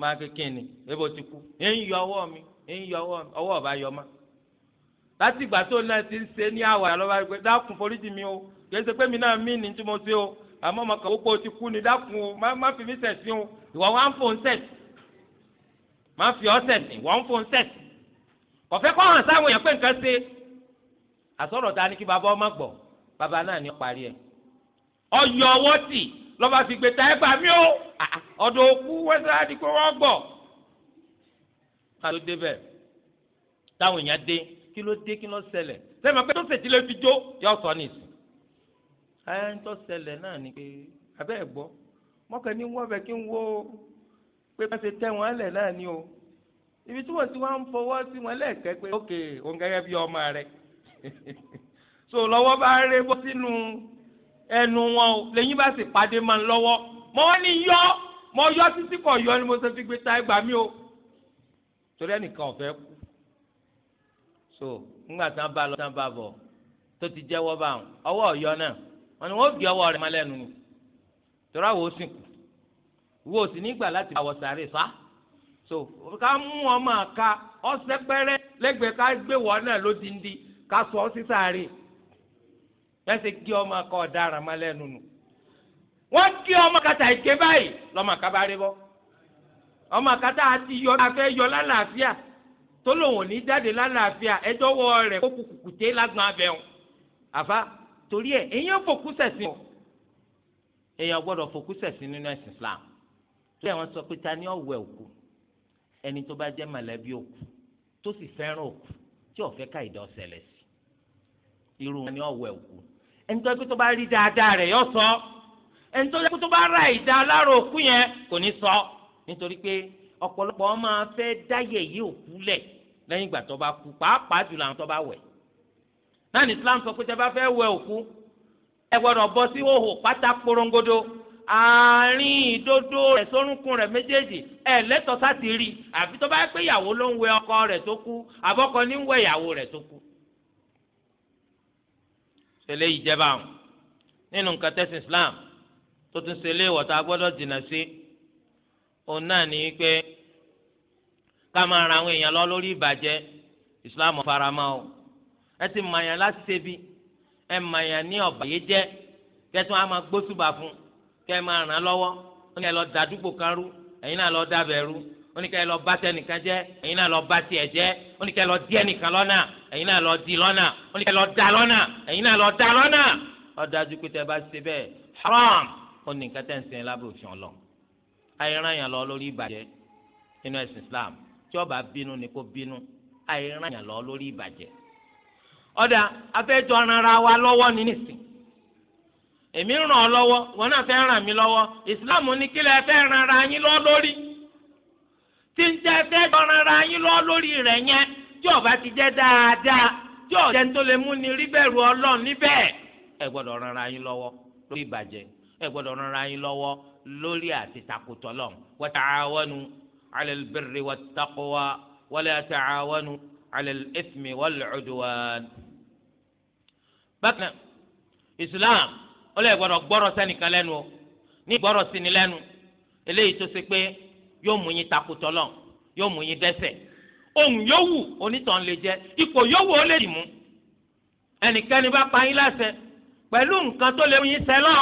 máa kékeré ni ebo ti kú ẹ yọ ọwọ́ mi ẹ yọ ọwọ́ mi ọwọ́ ọba yọ ma láti ìgbà tó náà ti ń ṣe ní àwàrà lọ́ba gbé dákun foríjì mi o kì í ṣe pé mi náà mí ni tí mo ṣe o àmọ́ mo kàn wọ́pọ̀ ti kú ni dákun o má má fi mí sẹ̀sìn o ìwọ wá ń fò ń sẹ̀sìn má fi ọ́ sẹ̀sìn ìwọ ń fò ń sẹ̀sìn kọ̀fẹ́ kọ́ hàn sáwọn èèyàn pé nǹkan ṣe àsọ̀rọ̀ ta ni kí bàbá ọmọ gbọ́ bàbá náà ní parí ẹ̀ ọyọ ọwọ́ tì lọ́ba fi gbé ta ẹ gbà mí o ọ̀dọ̀ òkú wẹ́sẹ̀ àdìgbò wọ́n gbọ́ àlọ́ débẹ̀ táwọn èèyàn dé kí ló dé kí ló ṣẹlẹ̀ sẹ́mi ayé ń tọ́ ṣẹlẹ̀ náà ni pé abẹ́ gbọ́ mọ́kàn ní wọ́n fẹ́ kí ń wo pé wọ́n ṣe tẹ́ wọn lẹ̀ náà ni o ibi tí wọ́n ti wá ń fọwọ́ sí wọn lẹ́ẹ̀kẹ́ pé ókè òun gẹ́gẹ́ bí ọmọ rẹ̀ so lọ́wọ́ bá rẹ bọ́ sínú ẹnu wọn o lẹ́yìn bá sì pàdé máa lọ́wọ́ mọ́ wọn ní yọ́ mọ́ yọ́ títí kọ̀ yọ́ ni mo ṣe fi gbé ta ẹgbàá mi o torí ẹnìkan ọ̀fẹ́ kú so ńgbà tán bá lọ tán bá bọ̀ tó ti jẹ́wọ́ bá wọn ọwọ́ ọ̀yọ́ náà wọn ni wọn gbé ọwọ́ rẹ̀ mọ́ lẹ́nu ni tọ́ra wo sìnkú wo sì nígbà láti àwọ̀ sàrè fa so ká mú ọmọ ká ọsẹ pẹrẹ lẹ́gbẹ̀ẹ́ ká gbé wọn náà lódindi ká sọ ọ yẹsẹ ọmọ nù wọn ọmọ ìké báyìí lọmọ bọ ọmọ àti yọ afẹ yọ lálàáfíà tó lòun ò ní jáde lálàáfíà wọ kó kùkùté lágbọn àfa torí ẹ èyàn fòkú sẹ̀sìn o èyàn gbọ́dọ̀ fòkú sẹ̀sìn nínú ẹ̀sìn Islam torí àwọn sọ pé ta ni ó wẹ òkú ẹni tó bá jẹ́ mọ̀lẹ́bí òkú tó sì fẹ́ràn òkú tí ó ká ìdá sí irú wọn ni ó wẹ òkú ẹni tó yẹ kó tó bá rí dáadáa rẹ̀ yọ sọ ẹni tó yẹ kó tó bá ra ìdá aláró òkú yẹn kò ní sọ nítorí pé ọ̀pọ̀lọpọ̀ máa fẹ́ dáyẹ̀yẹ òkú lẹ̀ lẹ́yìn ìgbà tó bá kú pàápàá jùlọ àwọn tó bá wẹ̀ náà ní Islam sọ pé tẹ́ bá fẹ́ wẹ òkú ẹ gbọ́dọ̀ bọ́ sí hòhò pátá porongodo àárín ìdodo rẹ̀ sórúnkún rẹ̀ méjèèjì ẹ lẹ́tọ̀ọ́ sáti rí àfi tó bá yẹ pé ìyàwó ló ń wẹ ọkọ rẹ̀ tó kú àbọ̀kọ ní ń wẹ ìyàwó rẹ̀ tó kú. ṣẹlẹ̀ yìí àwọn nínú nǹkan tẹsán Islam tó tún ṣẹlẹ̀ ìwọta gbọ́dọ̀ jìnnà sí òun náà ní pé ká máa ra àwọn èèyàn lọ lórí ìbàjẹ́ Islam faramọ́ o ẹ ti màyàn láṣẹbi ẹ màyàn ní ọ̀bà yìí jẹ́ kẹtùn àmà gbósùbà fún kẹ máa ràn án lọ́wọ́ ó ní kẹ lọ da àdúgbò kan rú ẹ̀yin náà lọ da bẹ̀ rú ó kẹ lọ bá tẹnìkan jẹ́ ẹ̀yin náà lọ bá tiẹ̀ jẹ́ ó kẹ lọ di ẹnìkan lọ́nà ẹ̀yin náà lọ di lọ́nà ó kẹ lọ da lọ́nà ẹ̀yin náà lọ da lọ́nà ó dájú pé tẹ ṣe bẹ́ẹ̀ haram ó ní nǹkan tẹ̀ ń sẹ́yìn lábẹ́ òfin ọlọ́ àìrán yàn lọ lórí ìbàjẹ́ nínú ẹ̀sìn Islam tí ó bá bínú ni kó bínú àìrán yàn lọ lórí ìbàjẹ́ ọ̀dà afẹ́jọ́ ara wa lọ́wọ́ ní nìsín èmi ràn lọ́wọ́ wọn náà fẹ́ ràn mí lọ́wọ́ ìsìláàmù ní kílẹ̀ fẹ́ ràn ara yín lórí tí ara yín lọ lórí rẹ̀ yẹn tí ti jẹ́ dáadáa tí ó tó lè mú ni rí bẹ̀rù níbẹ̀ ẹ gbọ́dọ̀ ràn ara yín lọ́wọ́ lórí 'ala 'ala bákan islam ọlọ́ọ̀ gbọ́dọ̀ gbọ́rọ̀ sẹ́nìkan lẹ́nu o ní gbọ́rọ̀ síni lẹ́nu eléyìí tó ṣe pé yóò mú yín takùtọ̀ lọ yóò mú yín dẹ́ṣẹ̀ ohun yóò wù onítàn lè jẹ ipò yóò wù ó lè dì mú ẹnikẹ́ni bá pa yín láṣẹ pẹ̀lú nǹkan tó lè yín sẹ́lọ̀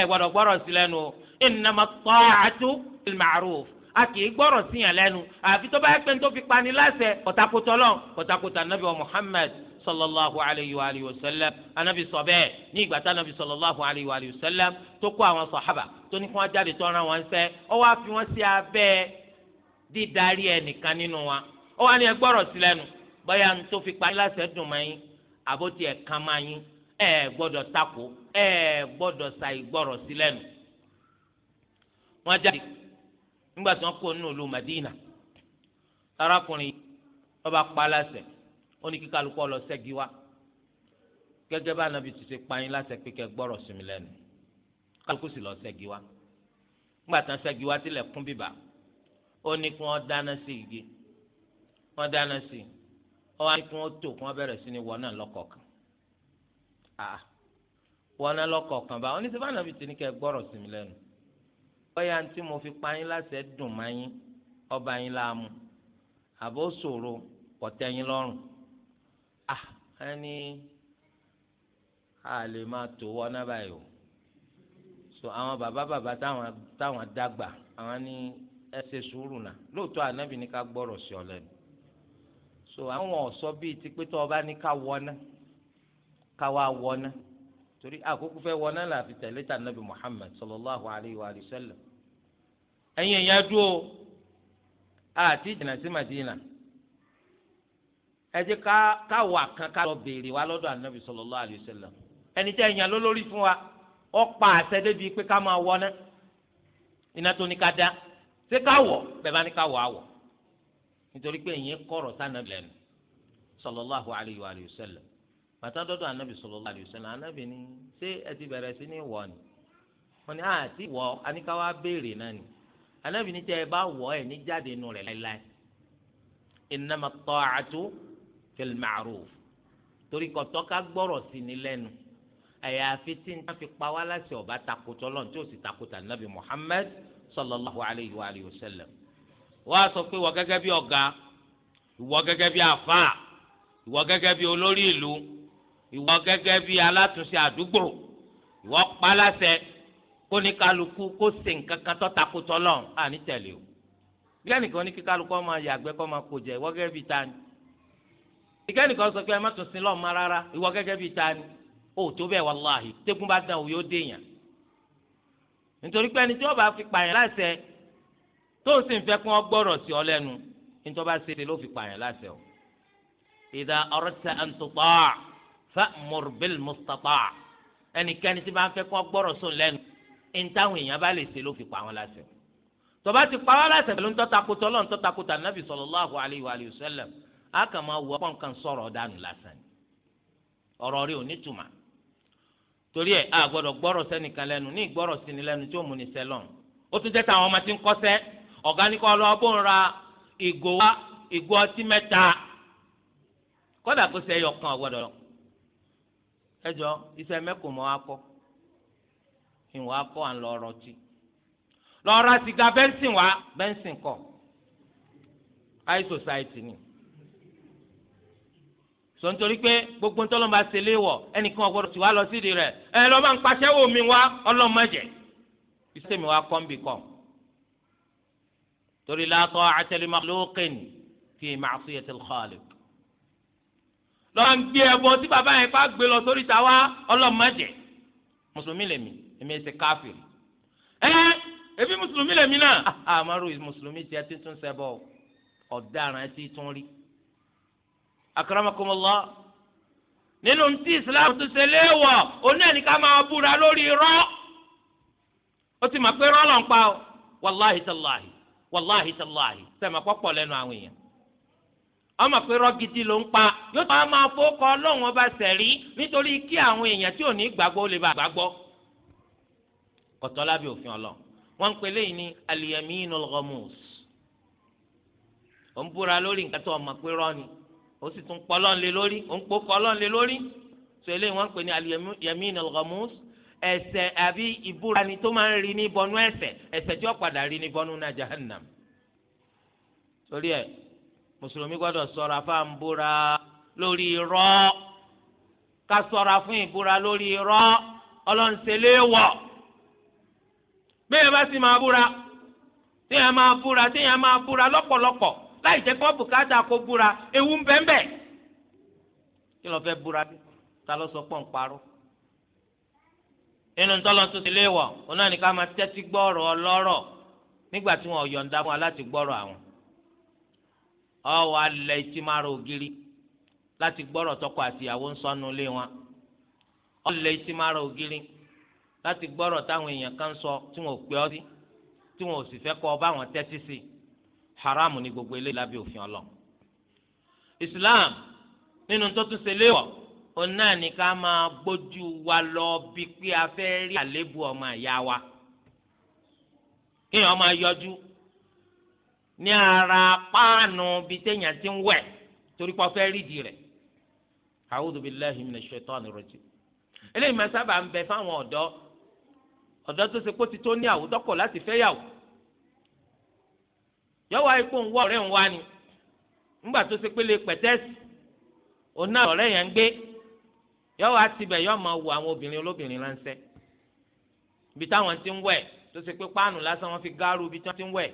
ẹ gbọ́dọ̀ gbọ́rọ̀ sí lẹ́nu o innama ta'atu bil ma'ruf a kì í gbọ́rọ̀ síyàn lẹ́nu àfi tó bá yẹ pé tó fi pani láṣẹ kọ̀tàkùtọ̀ lọ kọ̀tàkùtà nàbẹ̀wò Muhammad sallallahu alayhi wa alihi wa sallam anabi sọ bẹ́ẹ̀ ní ìgbà tá anabi sallallahu alayhi wa alihi wa sallam tó kó àwọn sọ̀hábà tó ní kí wọ́n jáde tó wọn sẹ́ ọ wá fi sí dídarí nínú wa ọ wá ní sí lẹ́nu tó fi parí dùn àbó tiẹ̀ máa yín ẹ gbọ́dọ̀ ẹ gbọ́dọ̀ Madina ó ní kí kálukú lọ ṣẹ́gi wá gẹ́gẹ́ bá anabi ti ṣe pààyàn láṣẹ pé kẹ́ gbọ́rọ̀ sí mi lẹ́nu kálukú sì lọ ṣẹ́gi wá nígbà tán ṣẹ́gi wá tilẹ̀ kún bíbà ó ní kí wọ́n dáná sí igi wọ́n dáná sí ó wá ní kí wọ́n tò kí wọ́n bẹ̀rẹ̀ sí ní wọ́n náà lọ́kọ̀ọ̀kan àà wọ́n náà lọ́kọ̀ọ̀kan bá bá anabi ti ní kẹ́ gbọ́rọ̀ sí mi lẹ́nu bóyá ntí mo fi pààyàn láṣẹ dùn máyín ọba yín láàmú àbó ṣòro kọ̀tẹ́yìn lọ́rùn Ah, ẹni a lè máa tó wọ́n báyìí o so àwọn bàbá bàbá táwọn táwọn dàgbà àwọn ní ẹ ṣe sùúrù náà lóòótọ́ ànábì ní ká gbọ́rọ̀ sí ọ lẹ́nu so àwọn ọ̀sọ́ bíi ti pé tó ọba ní ká wọ́ná ká wá wọ́ná torí àkókò fẹ́ wọ́ná là fi tẹ̀lé tà nàbì Muhammad sallallahu alayhi wa sallam ẹ̀yin ẹ̀yà dúró àti ìjìnà sí Madina ẹ jẹ́ káwọ àkàn ká lọ béèrè wa lọ́dọ̀ anabi sallallahu alayhi wa sallam ẹni tẹ́ ẹ̀yàn ló lórí fún wa ọ pa àṣẹ débi pé ká máa wọná iná tó ní ká dá ṣé ká wọ̀ bẹ́ẹ̀ bá ní ká wọ̀ àwọ̀ nítorí pé ìyẹn kọ̀rọ̀ sànàbì lẹ́nu sallallahu alayhi wa sallam bàtà dọ́dọ̀ anabi sallallahu alayhi wa sallam anabi ni ṣé ẹ ti bẹ̀rẹ̀ sí ní wọ̀ ni wọ́n ní àti wọ̀ aníkàwá béèrè náà ni anabi ni tẹ́ ẹ bá wọ̀ ẹ̀ ní jáde nù rẹ̀ láéláé fil ma'ruf torí kọtọ ká gbọ́rọ̀ sí ni lẹ́nu àyàfi tí n fi pa wá láti ọba takotọ lọn tí o sì takota nabi muhammed sallallahu alayhi wa alayhi wa sallam wọ́n á sọ pé wọ́n gẹ́gẹ́ bí ọ̀gá ìwọ gẹ́gẹ́ bí àfa ìwọ gẹ́gẹ́ bí olórí ìlú ìwọ gẹ́gẹ́ bí alátúnṣe àdúgbò ìwọ paláṣẹ kó ní kálukú kó ṣe nǹkan kan tó takotọ lọn àní tẹ̀lé o bí ẹnìkan ní kí kálukú ọmọ yàgbẹ́ kọ́ máa kó jẹ ìwọ gẹ́gẹ́ bí tani ìkẹ́nìkan sọ pé ẹ má tún sin lọ́ọ̀ mọ́ rárá ìwọ gẹ́gẹ́ bíi ta ni ó tó bẹ́ẹ̀ wàláhì tẹ́kùn bá dàn òye ó dèèyàn nítorí pé ẹni tí wọ́n bá fi pààyàn láṣẹ tó ń sì fẹ́ kí wọ́n gbọ́rọ̀ sí ọ lẹ́nu nítorí bá ṣe ló fi pààyàn láṣẹ o. ìdá ọ̀rọ̀tà àǹtọ̀tọ̀ fẹ́ mọ̀rùbẹ́lì mustata ẹnikẹ́ni tí wọ́n fẹ́ kí wọ́n gbọ́rọ̀ sọ lẹ́nu ní èèyàn bá lè ṣe ló fi pààyàn láṣẹ. tọ́ba ti pààyàn láṣẹ pẹ̀lú ń tọ́takùtà ọlọ́run nàbì sallallahu alaihi aka ma máa wọ pọ́n kan sọ̀rọ̀ dànù lásán ọ̀rọ̀ rẹ̀ ò ní torí ẹ a gbọrọ gbọ́rọ̀ sẹ́nìkan lẹnu ní gbọrọ sini lẹnu tí o mú ni sẹ́lọ̀n o tún ọmọ tí ń kọ́sẹ́ ọ̀gá ní ra ìgò wa ìgò ọtí kó à ń lọ tí ra sìgá high tó ń torí pé gbogbo ń tọ́lọ́mọ bá ṣe léwọ̀ ẹnìkan ọ̀gbọ́dọ̀ tí wàá lọ sídi rẹ̀ ẹ lọ́ bá ń paṣẹ wò mí wá ọlọ́mọdé iṣẹ́ mi wá kọ́ ń bì kọ́ torí la ta'ata li makhluqin fi ma'siyati al-khaliq lọ́ ń gbé ẹbọ tí bàbá yẹn bá gbé lọ sórí ta wá ọlọ́mọdé mùsùlùmí lèmi èmi ẹ̀ ṣe káfíìn ẹ ẹbí mùsùlùmí lèmi náà àmọ́rò ah, ah, mùsùlùmí ti tún ti tún rí akramakumullah nínú tí islam tó ṣe léèwọ̀ oní ẹnìkan máa búra lórí irọ́ ó ti mọ̀ pé irọ́ ló ń pa o wàláhi tàláhi wàláhi tàláhi sẹ́mi àpọ̀pọ̀ lẹ́nu àwọn èèyàn ọmọ pé irọ́ gidi ló ń pa yóò tó máa fọ́kọ́ ọlọ́run ọba sẹ̀rí nítorí kí àwọn èèyàn tí ò ní gbàgbọ́ lè bá gbàgbọ́ kọ̀tọ́lá òfin ọlọ́run wọ́n ń pè léyìn ní al-yaminul ghamus ó ń búra lórí nǹkan tó ọmọ pé irọ́ ni ó sì tún pọ́ lọ́nlé lórí ó ń pọ́ kọ́ lọ́nlé lórí sọ eléyìí wọ́n ń pè ní al-yamin al-ghamus ẹ̀ṣẹ̀ àbí ìbúra ni tó máa ń rí ní bọnú ẹ̀ṣẹ̀ ẹ̀ṣẹ̀ tí ó padà rí ní bọnú náà jahannam torí ẹ mùsùlùmí gbọ́dọ̀ ṣọ́ra fáà ń lórí irọ́ ká ṣọ́ra fún ìbúra lórí irọ́ ọlọ́nṣẹ́léwọ̀ bẹ́ẹ̀ bá sì máa búra téèyàn máa búra téèyàn máa búra lọ́pọ̀lọpọ̀ láì jẹ́ kó bùkátà kó búra ewu ń bẹ ń bẹ kí ló fẹ́ búra bí ta ló sọ pọ̀ ń parọ́ nínú tọ́lọ́ tó ti léèwọ̀ òun náà ní máa tẹ́tí gbọ́rọ̀ ọlọ́rọ̀ nígbà tí wọn ò yọ̀ǹda fún wa láti gbọ́rọ̀ àwọn ọwọ́ alẹ́ tí máa ro ògiri láti gbọ́rọ̀ tọkọ àtìyàwó ń sọnù lé wọn ọlẹ́ tí máa ro ògiri láti gbọ́rọ̀ táwọn èèyàn kan sọ tí wọn ò pè ọ́ sí tí wọn ò sì fẹ́ kọ́ ọ bá wọn tẹ́tí sí i haramu ni gbogbo eléyìí lábẹ́ òfin ọlọ́run islam nínú tó tún ṣe léwọ̀ òun náà ní ká máa gbójú wa lọ bí pé a fẹ́ rí àléébù ọmọ ìyá wa kéèyàn máa yọjú ní ara páànù bíi téèyàn ti ń wẹ̀ torí pé a fẹ́ rí ìdí rẹ̀ a'udhu billahi minash shaitani rajim eléyìí máa sábà ń bẹ fáwọn ọ̀dọ́ ọ̀dọ́ tó ṣe kó ti tó ní àwùjọ kọ̀ láti fẹ́ yàwó yọwọ ikú ń wá ọ̀rẹ́ ń wá ni ńgbà tó ṣe pélé pẹ̀tẹ́sì òun náà ọ̀rẹ́ yẹn ń gbé yọwọ àtibẹ̀ yọ máa wo àwọn obìnrin olóbìnrin ránṣẹ́ ibi táwọn ti ń wẹ̀ tó ṣe pé páànù lásán wọn fi gáàrú ibi tí wọn ti ń wẹ̀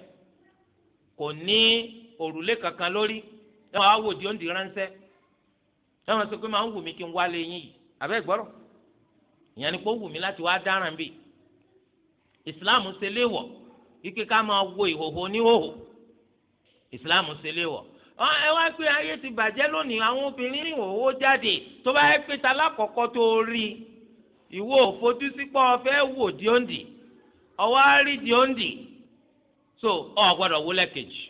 kò ní òrùlé kankan lórí yọwọ àwò di òǹdí ránṣẹ́ yọwọ sọ pé máa ń wù mí kí n wálé yín yìí àbẹ́ gbọ́rọ̀ ìyẹn ni pé ó wù mí láti wá dáràn bì ìsìláàmù ṣe léèwọ̀ kíkẹ́ ká máa wo ìhòhò oníhòhò islam ṣe léwọ̀ ẹ wá pé ayé ti bàjẹ́ lónìí àwọn obìnrin ní òwò jáde tó bá yẹ pé ta lákọ̀ọ́kọ́ tó rí ìwọ òfojú sípò ọ̀fẹ́ wò díòǹdì ọwọ́ á rí díòǹdì so ọ gbọ́dọ̀ wúlẹ̀ kejì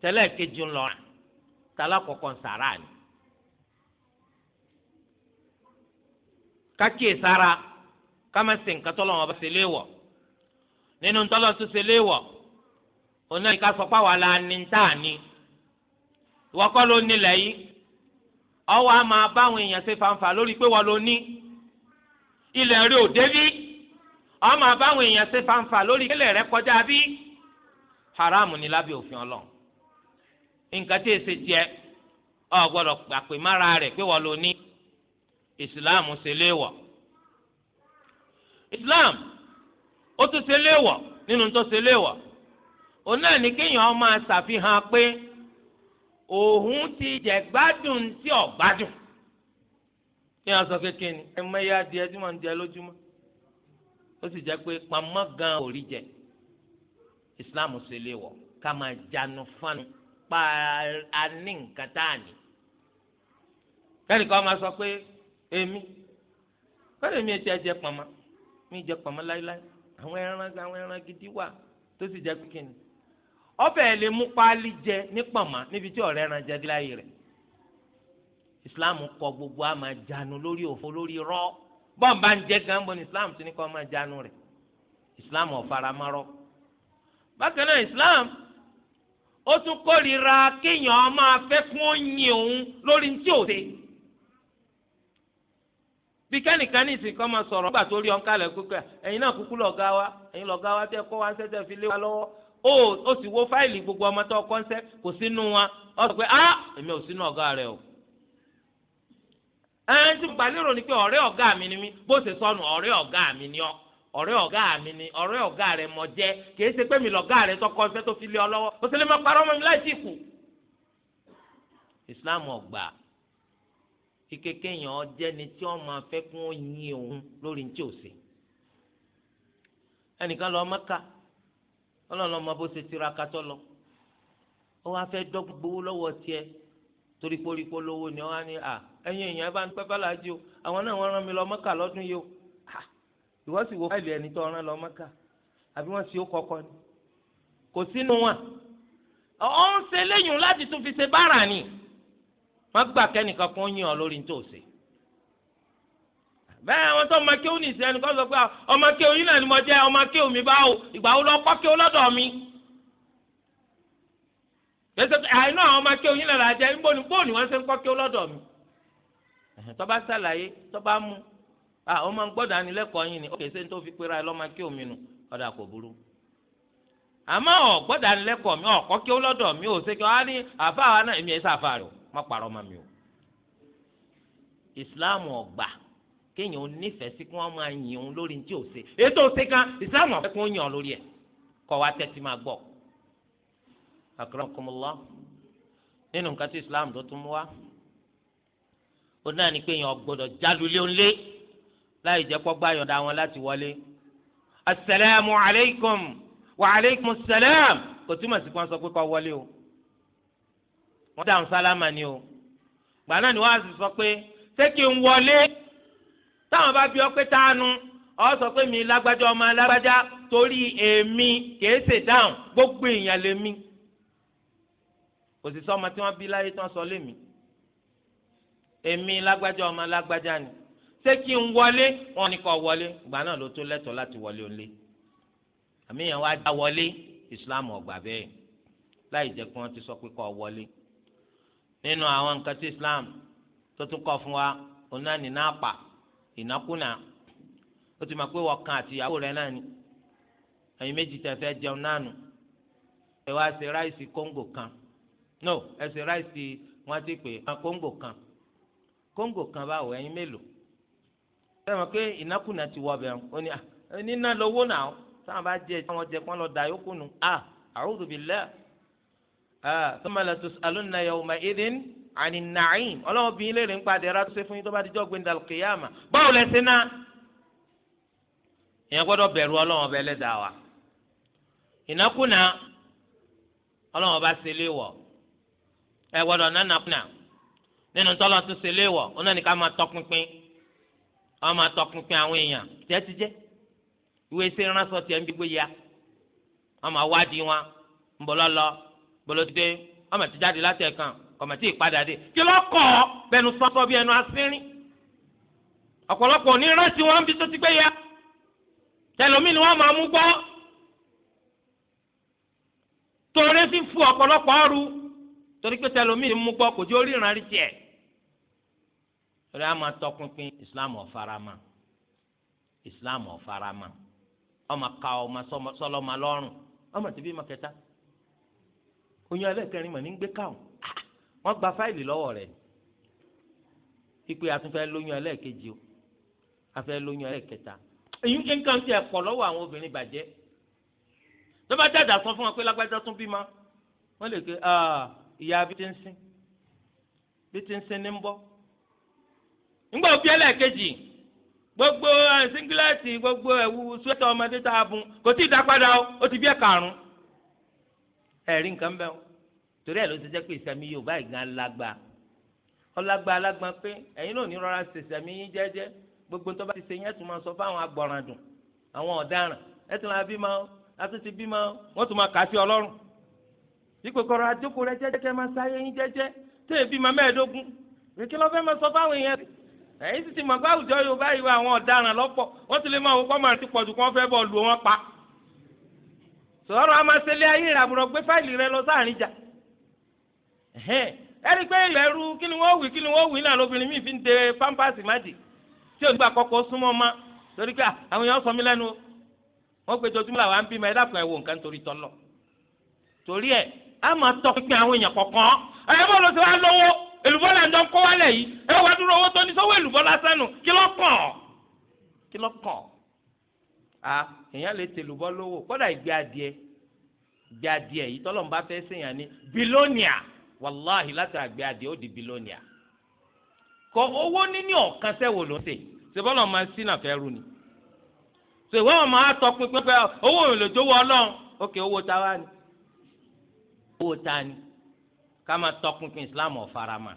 tẹ́lẹ̀ kejì ńlọ ta lákọ̀ọ́kọ́ nsàrà ni kákìí sára ká má ṣe nǹkan tọ́lọ́ bá ṣe léwọ̀ nínú tọ́lọ́ tó ṣe léwọ̀. Ona náà ní ká sọ pé àwa la ní tá a ní ìwọ kọ́ ló nílẹ̀ yìí ọwọ́ a máa báwọn èèyàn ṣe fanfà lórí pé wọ́n ló ní ilẹ̀ rẹ ò débí ọ máa báwọn èèyàn ṣe fanfà lórí kílẹ̀ rẹ kọjá bí haramu ni lábẹ́ òfin ọlọ́run nǹkan tí èsì jẹ ọ gbọ́dọ̀ pàpè mára rẹ̀ pé wọ́n ló ní islam ṣe léèwọ̀ islam ó tún ṣe léèwọ̀ nínú tó ṣe léèwọ̀. òun náà ní kéèyàn máa ṣàfihàn pé òun ti jẹ gbádùn tí ò gbádùn kéèyàn sọ kékeré ni ẹ mẹ́yà adìẹ tí wọ́n ń jẹ lójúmọ́ ó sì pé gan orije rí jẹ Islam ṣe lè wọ̀ ká máa jánu fánu pa á ní nǹkan tá a ní kẹ́nìkan máa sọ pé èmi kọ́ni mi ti jẹ pamọ́ mi jẹ pamọ́ láéláé àwọn ẹran àwọn ẹran gidi wà tó sì jẹ́ kíkìnì ọbẹ̀ lè mú páálí jẹ ní níbi tí ọ̀rẹ́ ran rẹ̀ islam kọ gbogbo àmà jánu lórí òfo lórí rọ bọ́ǹbà ń jẹ gan bọ́ ni islam ti ní kọ́ máa rẹ̀ islam ọ̀faramárọ́ bákan náà islam ó tún kórìíra kéèyàn máa fẹ́ lórí ntí bí kẹ́nìkan kọ́ ó ó sì wo fáìlì gbogbo ọmọ tó kọ́ńsẹ́ kò sínú wọn ó sọ pé ah èmi ò sínú ọ̀gá rẹ o ẹn tí gbalérò ni pé ọ̀rẹ́ ọ̀gá mi ni mí bó ṣe sọnù ọ̀rẹ́ ọ̀gá mi ni ọ ọ̀rẹ́ ọ̀gá mi ni ọ̀rẹ́ ọ̀gá rẹ mọ jẹ kì í ṣe pé mi lọ̀gá rẹ tọkọ ṣẹ́ tó fi lé ọ lọ́wọ́ ó sì lè má parọ́ mọ́ mi láì tíì kù. Islam ọgbà kíkékè yẹn ọjẹ ni tí wọ́n máa fẹ́ kí òun lórí ní tí ò sí ẹnìkan lọ Mẹ́kà ọlọ́run ọmọ bó ṣe tiraka tọ́ lọ ó wá fẹ́ dọ́gba gbowó lọ́wọ́ tiẹ̀ torí porípo lówó ni wọ́n á ní à ẹ̀yin èèyàn bá ń pẹ́ bàlá jí o àwọn náà wọ́n rán mi lọ mọ́kà lọ́dún yìí o ìwọ sì wo fáìlì ẹni tó rán lọ mọ́kà àbí wọ́n sì ó kọ́kọ́ ni kò sínú wọn ọ̀ ń ṣe léyìn láti tún fi ṣe bára ni wọ́n gbà kẹ́nìkan kún yín ọ lórí nítòsí bẹ́ẹ̀ àwọn tó ọmọ kéwù nìṣẹ́ ẹni kọ́ sọ pé ọmọ kéwù yìí náà ni mo jẹ́ ọmọ kéwù mi báwo ìgbà wo lọ kọ́ kéwù lọ́dọ̀ mi. àwọn ọmọ kéwù yìí náà ni ṣe ń kọ́ kéwù lọ́dọ̀ mi. tó ṣàlàyé tó mú ọmọ gbọ́dọ̀ ànilẹ́kọ̀ọ́ yìí ni ó kèsè tó fi pera ẹ lọ́mọ kéwù mi nù ọ̀dà kò burú àmọ́ kéèyàn ò nífẹ̀ẹ́ sí kí wọ́n máa yìn òun lórí ní tí ò ṣe ètò òṣè kan ìsìláàmù ọ̀fẹ́ kí wọ́n yàn lórí ẹ̀ kọ́ wa tẹ́tí máa gbọ́. akramakumullah nínú nǹkan tí islam tó tún mú wa ó náà ní pé èèyàn gbọ́dọ̀ jálulé ńlé láì jẹ́ pọ́ gbáyọ̀dá wọn láti wọlé. asalaamu alaykum wa alaykum salaam kò túmọ̀ sí kan sọ pé kọ́ wọlé o wọ́n dáhùn sálámà ni o gbàdánù wa sì sọ pé ṣé kí n wọlé táwọn bá bí ọ pé tánu ọ sọ pé mi lágbájá ọmọ lágbájá torí èmi kìí ṣe dáhùn gbogbo èèyàn lèmi kò sì sọ ọmọ tí wọ́n bí láyé tí wọ́n sọ lémi èmi lágbájá ọmọ lágbájá ni ṣé kí n wọlé wọ́n ní kó wọlé ìgbà náà ló tó lẹ́tọ̀ọ́ láti wọlé òlé àmì yẹn wàá wọlé Islam ọgbà bẹ́ẹ̀ láì jẹ́ pé wọ́n ti sọ pé kó wọlé nínú àwọn nǹkan tí Islam tó tún kọ́ fún wa onáni náà pa ìnákúnà ó ti máa pé wọ̀kan àti ìyàwó rẹ̀ náà ni ẹ̀yin méjì tẹ̀ fẹ́ jẹun náà ẹ wá ṣe ráìsì kóńgò kan no ẹ ṣe ráìsì wọn ti pè é kóńgò kan kóńgò kan báwo ẹ̀yin mélòó ṣé wọn pé ìnákúnà ti wọ bẹ̀rù ó ní à ah, níná lówó náà táwọn bá jẹ táwọn jẹ pọ́n lọ da yókù nù à ah, a'udhu billah à ah, thumma latus'alunna yawma idhin ani naim ọlọ́run bí ilé rẹ̀ ń padà ẹ̀rọ tó ṣe fún yín tó bá dijọ́ gbé ndàlùkìyàmà báwo lẹ ṣe ná. ìyẹn gbọ́dọ̀ bẹ̀rù ọlọ́run ọba ẹlẹ́dàá wa ìnákùná ọlọ́run ọba ṣe lé wọ̀ ẹ gbọ́dọ̀ nánàkùná nínú tọ́lọ́ tó ṣe lé wọ̀ ọ̀nà nìkan máa tọpinpin wọ́n máa tọpinpin àwọn èèyàn tẹ́ ti jẹ́ ìwé ṣe ránṣọ tiẹ̀ ń gbígbé ya wọ́n máa wádìí wọn ń bọ̀ lọ́lọ́ bọ̀lọ́dé kọmọ tí ìpadà dé kí ló kọ ọ bẹnu sọsọ bí ẹnu asínrín ọ̀pọ̀lọpọ̀ ní rántí wọn bí tó ti gbé ya tẹlomi ni wọn máa mú gbọ́ torí fi fu ọ̀pọ̀lọpọ̀ ọrù torí pé tẹlomi ni mú gbọ́ kò tí ó ríran rí tiẹ̀ torí a máa tọpinpin islam ọ̀farama islam ọ̀farama ọmọ ká ọmọ sọlọmọ lọ́rùn ọmọ tìbí mọ kẹta oyún ẹlẹ́kẹrin mọ̀ ní gbé káwọn wọ́n gba fáìlì lọ́wọ́ rẹ̀ pípé atúnfẹ́ lóyún ẹlẹ́ẹ̀kejì o afẹ́ lóyún ẹlẹ́ẹ̀kẹta èyí nǹkan ti ẹ̀ pọ̀ lọ́wọ́ àwọn obìnrin bàjẹ́ tó bá dàda sọ fún wọn pé lágbájá tún bímọ wọ́n lè ké ah, ìyá bí ti ń sin bí ti ń sin ní ń bọ́ ńgbà òbí ẹlẹ́ẹ̀kejì gbogbo eh, singilẹ́tì gbogbo ẹ̀wù sweater ọmọdé tá a bùn kò tí ì dá padà o ó ti bí ẹ̀ karùn-ún ẹ̀rí nǹkan bẹ́ẹ̀ o torí ẹ̀ ló ti jẹ́ pé ìsẹ̀mí yorùbá ìgbà lágbá ọlágbá alágbá pé ẹ̀yin náà ní rọra ṣe ìsẹ̀mí yín jẹ́jẹ́ gbogbo tó bá ti ṣe yẹn tún máa sọ fáwọn agbọ̀ràndùn àwọn ọ̀daràn ẹ̀ tún máa bímọ látún ti bímọ wọ́n tún máa kà á sí ọlọ́run ìkòkòrò àjókò rẹ jẹ́jẹ́ kẹ́ máa sáyé yín jẹ́jẹ́ tó èbí máa mẹ́ẹ̀ẹ́dógún rèké lọ́fẹ́ máa sọ fáwọn èèyàn ẹ̀yin sì ti mọ̀ pé àwùjọ yorùbá ìwà àwọn ọ̀daràn lọ́pọ̀ wọ́n ti lè máa wọ́pọ̀ máa ti pọ̀jù kí wọ́n fẹ́ bọ́ọ̀lù wọn pa sọ̀rọ̀ àmàṣẹ́lẹ̀ ayé ìràbùrọ̀ gbé fáìlì rẹ lọ ẹni pé ìbẹ̀rù kí ni wọ́n wí kí ni wọ́n wí náà lóbìnrin mi fi ń de pampasì májì tí òní gbà kọ́kọ́ súnmọ́ ma torí pé àwọn èèyàn sọ mí lẹ́nu wọ́n pe jojúmọ́ làwọn á ń bímọ ẹ dákun ẹ wò nǹkan torí tọ́lọ̀ torí ẹ á máa tọ́ pípín àwọn èèyàn kọ̀ọ̀kan ẹ bọ́ lọ sí wa lọ́wọ́ èlùbọ́ là ń jọ kó wálẹ̀ yìí ẹ wá dúró owó tó ní sọ́wọ́ èlùbọ́ lásán nù kí ló wàláhì látàgbé adìẹ ó di bílíọ̀nìà kọ owó níní ọ̀kan sẹ́wọ̀n ló ń sè ṣèbọ́lọ̀ máa ń sínà ni ṣèwọ́n ọmọ àtọ pínpín pé owó òun lè jówó ọlọ́run ókè owó ta ni owó ta ni ká máa tọ pínpín Islam ọ̀farama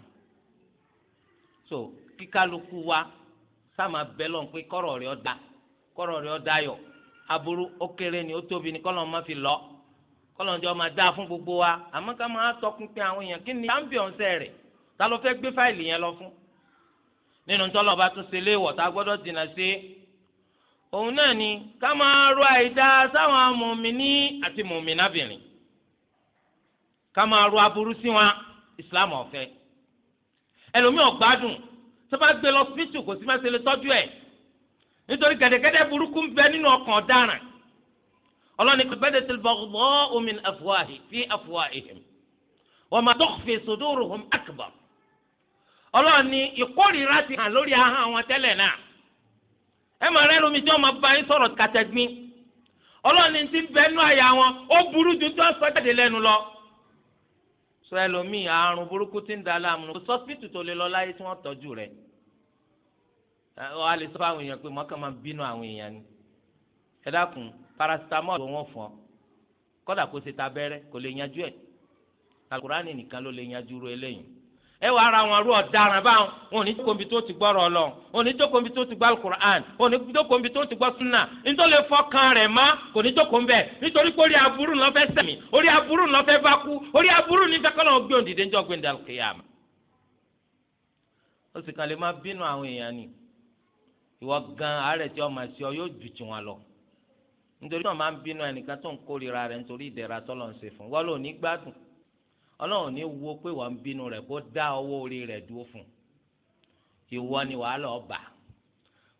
so kíkálukú wa sáàmà bẹ́lọ̀ pé kọ́rọ̀ rẹ̀ da kọ́rọ̀ rẹ̀ ọ́ dayọ̀ aburú ni ó tóbi ni máa fi kọlọ́njọ́ máa dáa fún gbogbo wa àmọ́ ká máa tọpinpin àwọn èèyàn kí ni championsẹ̀ rẹ̀ ta ló fẹ́ gbé fáìlì yẹn lọ fún nínú tọ́lọ̀ bá tún ṣe léèwọ̀ tá a gbọ́dọ̀ dènà sí òun náà ni ká máa ro àìdá sáwọn mùmíní àti mùmínábìnrin ká máa ro aburú sí wọn Islam ọ̀fẹ́ ẹlòmíì ọ̀gbádùn tó bá gbé lọ síbítù kò sí máa ṣe lè tọ́jú ẹ̀ nítorí gẹ̀dẹ̀gẹ̀dẹ̀ burúkú ń bẹ nínú ọkàn ọ̀daràn ọlọ́ni bẹ́ẹ̀ ti baghdha'u min afwahi fi afwahihim wa ma tukhfi suduruhum akbar ọlọ́ni ìkórìíra ti hàn lórí ahọ́n àwọn tẹ́lẹ̀ náà ẹ máa rẹ́ lómi tí wọ́n máa bá yín sọ̀rọ̀ kàtẹ́gbín ọlọ́ni ti ń àyà wọn ó burú ju tí wọ́n sọ jáde lẹ́nu lọ. sọ ẹlòmíì àrùn burúkú ti ń da láàmú kò sọ́sìpìtì tó lè lọ láyé tí wọ́n tọ́jú rẹ̀ ọ á lè sọ èèyàn pé mọ́kàn máa bínú àwọn èèyàn ni ẹ dákun paracetamol ló wọ́n fún ọ kódà kó ṣe tabẹ́rẹ́ kò lè yanjú ẹ̀ alukurani nìkan ló lè yanjú ru eléyìí ẹ wàá ra wọn rú ọ̀daràn báwọn òní jókòmbi tó ti gbọ́ ọ̀rọ̀ lọ òní jókòmbi tó ti gbọ́ alukur'an òní jókòmbi tó ti gbọ́ sunna nítorí fọkàn rẹ̀ má kò ní jókòmbẹ̀ nítorí pé orí aburú ńlọ fẹ́ sẹ̀mí orí aburú ńlọ fẹ́ bá kú orí aburú ní dákọ́lọ́ gbé òǹdìdé ńjọ́ gbé ńdà kéyàmù. ó sì kàn lè má bínú àwọn èèyàn ni ìwọ gan àárẹ̀ tí ọmọ ẹ̀sìn ọ yóò jù tiwọn lọ nítorí tó máa ń bínú ẹnìkan tó ń kórìíra rẹ̀ nítorí ìdẹ̀ra tọ́lọ̀ ń ṣe fún wọ́n lò ní gbádùn ọlọ́run ní wo pé wọ́n ń bínú rẹ̀ bó dá ọwọ́ orí rẹ̀ dúró fún ìwọ ni wàá lọ bà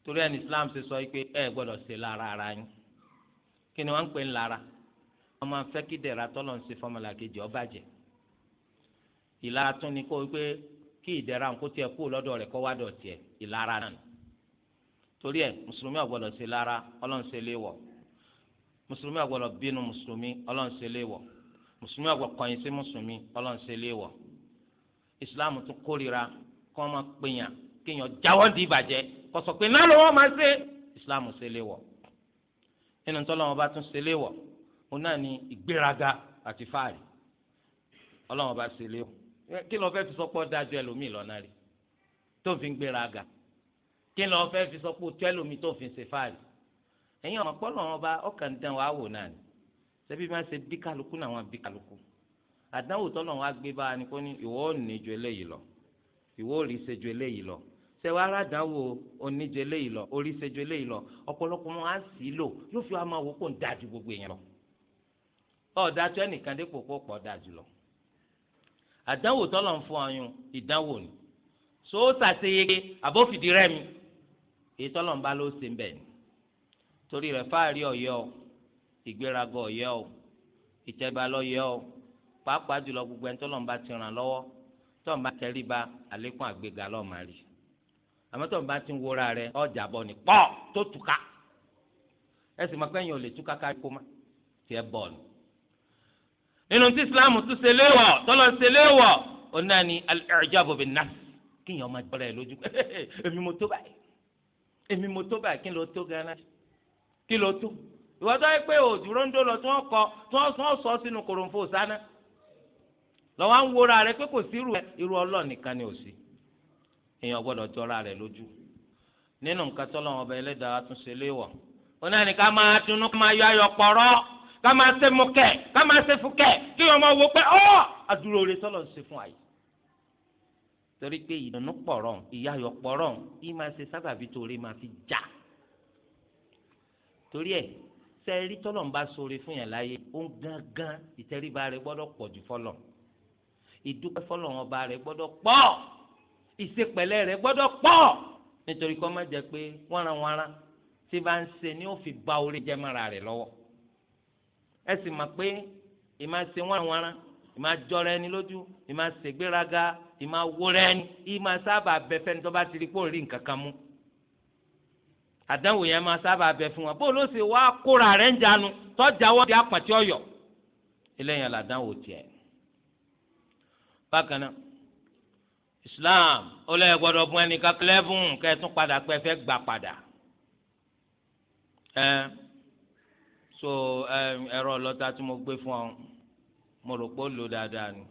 torí ẹni Islam ṣe sọ pé ẹ gbọ́dọ̀ ṣe lára ara yín kí ni wọ́n pè ń lára wọ́n máa fẹ́ kí ìdẹ̀ra tọ́lọ̀ ń ṣe kejì ìlara tún ni kó pé kí ìdẹ̀ra kú lọ́dọ̀ rẹ̀ kọ́ tiẹ̀ mùsùlùmí àgbọ̀dọ̀ bínú mùsùlùmí ọlọ́run ṣe léèwọ̀ mùsùlùmí àgbọ̀dọ̀ kọ̀yìn sí mùsùlùmí ọlọ́run ṣe léèwọ̀ ìsìláàmù tún kórìíra kọ́ máa pèèyàn kéèyàn jáwọ́ di ìbàjẹ́ kó sọ pé náà ló wọ́n máa ṣe ìsìláàmù ṣe léèwọ̀ nínú tọ́lọ́ wọn bá tún ṣe léèwọ̀ òun náà ni ìgbéraga àti fáàrí ọlọ́run bá ṣe léèwọ̀ kí lọ́ọ́ fẹ́ fi sọ pé ó dájú lọ́nà rí tó fi ń gbéraga kí lọ́ọ́ fẹ́ fi sọ pé ó tó tó fi ń ṣe fáàrí ẹ̀yin ọmọ pọlọ wọn bá ọkàn dán wàá wò náà ni ṣebí máa ṣe bí kálukú náà wọn bí kálukú àdánwò tọ́lọ̀ wọn gbé bá ni kò ní ìwọ ò ní ju eléyìí lọ ìwọ ò rí ṣe ju eléyìí lọ ṣe wàá ràdánwò oníjẹ eléyìí lọ orí ṣe ju eléyìí lọ ọ̀pọ̀lọpọ̀ wọn á sì lò yóò fi wọn máa wò pọ̀ ń da ju gbogbo èèyàn lọ ọ̀dà tó ẹnìkan dépò pọ̀ pọ̀ da jù lọ àdánwò tọ́lọ̀ ń fún ọyún ìdánwò so ó ṣàṣeyege àbófìdí rẹ́mi èyí tọ́lọ̀ ń ni torí rẹ̀ fáàrí ọ̀yẹ́ o ìgbéraga ọ̀yẹ́ o ìtẹ̀bà lọ́yẹ́ o pàápàá jùlọ gbogbo ẹni tọ́lọ́mùbá ti ràn lọ́wọ́ tọ́lọ́mùbá tẹríba àlékún àgbéga lọ́ọ̀mà rí àmọ́ tọ́lọ́mùbá ti ń wóra rẹ ọjà bọ̀ ní pọ́ tó túká ẹ sì máa pẹ́yìn ò lè túká kárí kó má tiẹ̀ bọ̀ ni. nínú tí ìsìláàmù tún ṣe léwọ̀ tọ́lọ́ ṣe léwọ̀ ó náà ní al-i'jabu bin kíyàn ọmọ ìgbọ́ra ẹ̀ lójú èmi mo tó báyìí èmi mo tó báyìí kí kí ló tó ìwọ tó yẹ pé òdúró ń dó lọ tí wọ́n kọ tí wọ́n sọ sínú kòròǹfò sáná lọ́wọ́ ń wora rẹ pé kò sí irú irú Ọlọ́run nìkan ni ò sí èèyàn gbọ́dọ̀ jọra rẹ lójú nínú nǹkan tó lọ́wọ́ ọba ẹlẹ́dàá tún ṣe léwọ̀ ó náà ní ká máa dunnú ká máa yọ ayọ̀ pọ̀rọ́ ká máa ṣe mọ̀kẹ́ ká máa ṣe fúkẹ́ kí wọ́n máa wo pé ọ́ àdúró rẹ tọ́lọ̀ ń ṣe fún àyè torí pé ìdùnnú pọ̀rọ̀ ìyá torí ẹ̀ sẹ́ẹ̀rí tọ́lọ̀ ń bá sóore fún yàn láyé ó ń gángan ìtẹríba rẹ̀ gbọ́dọ̀ pọ̀ jù fọlọ̀ ìdúpẹ́ fọlọ̀ wọn ba rẹ̀ gbọ́dọ̀ pọ̀ ìṣepẹ̀lẹ́ rẹ̀ gbọ́dọ̀ pọ̀ nítorí kọ́ má jẹ́ pé wánranwánran tí bá ń ṣe ni ó fi ba orí jẹ́ mọ́ra rẹ̀ lọ́wọ́ ẹ sì mọ̀ pé ìmá ṣe wánranwánran ìmá jọra ẹni lójú ìmá ṣègbéraga ìmá wóra ẹni ìmá sábà bẹ fẹ́ni tó bá ti rí kó rí nǹkan kan mú àdánwò yẹn máa sábà bẹ fún wa bó ló sì wá kóra rẹ̀ ń jánu tọ́jáwọ́ di apàtí ọ̀yọ́ eléyàn làdánwò tiẹ̀. bákan náà Islam ó lẹ́yìn gbọ́dọ̀ bún ẹnì kan lẹ́bùn kẹ́tún padà pé fẹ́ gbà padà. ẹ so ẹ̀rọ ọlọ́ta tí mo gbé fún ọ mo rò pé ó lò dáadáa ni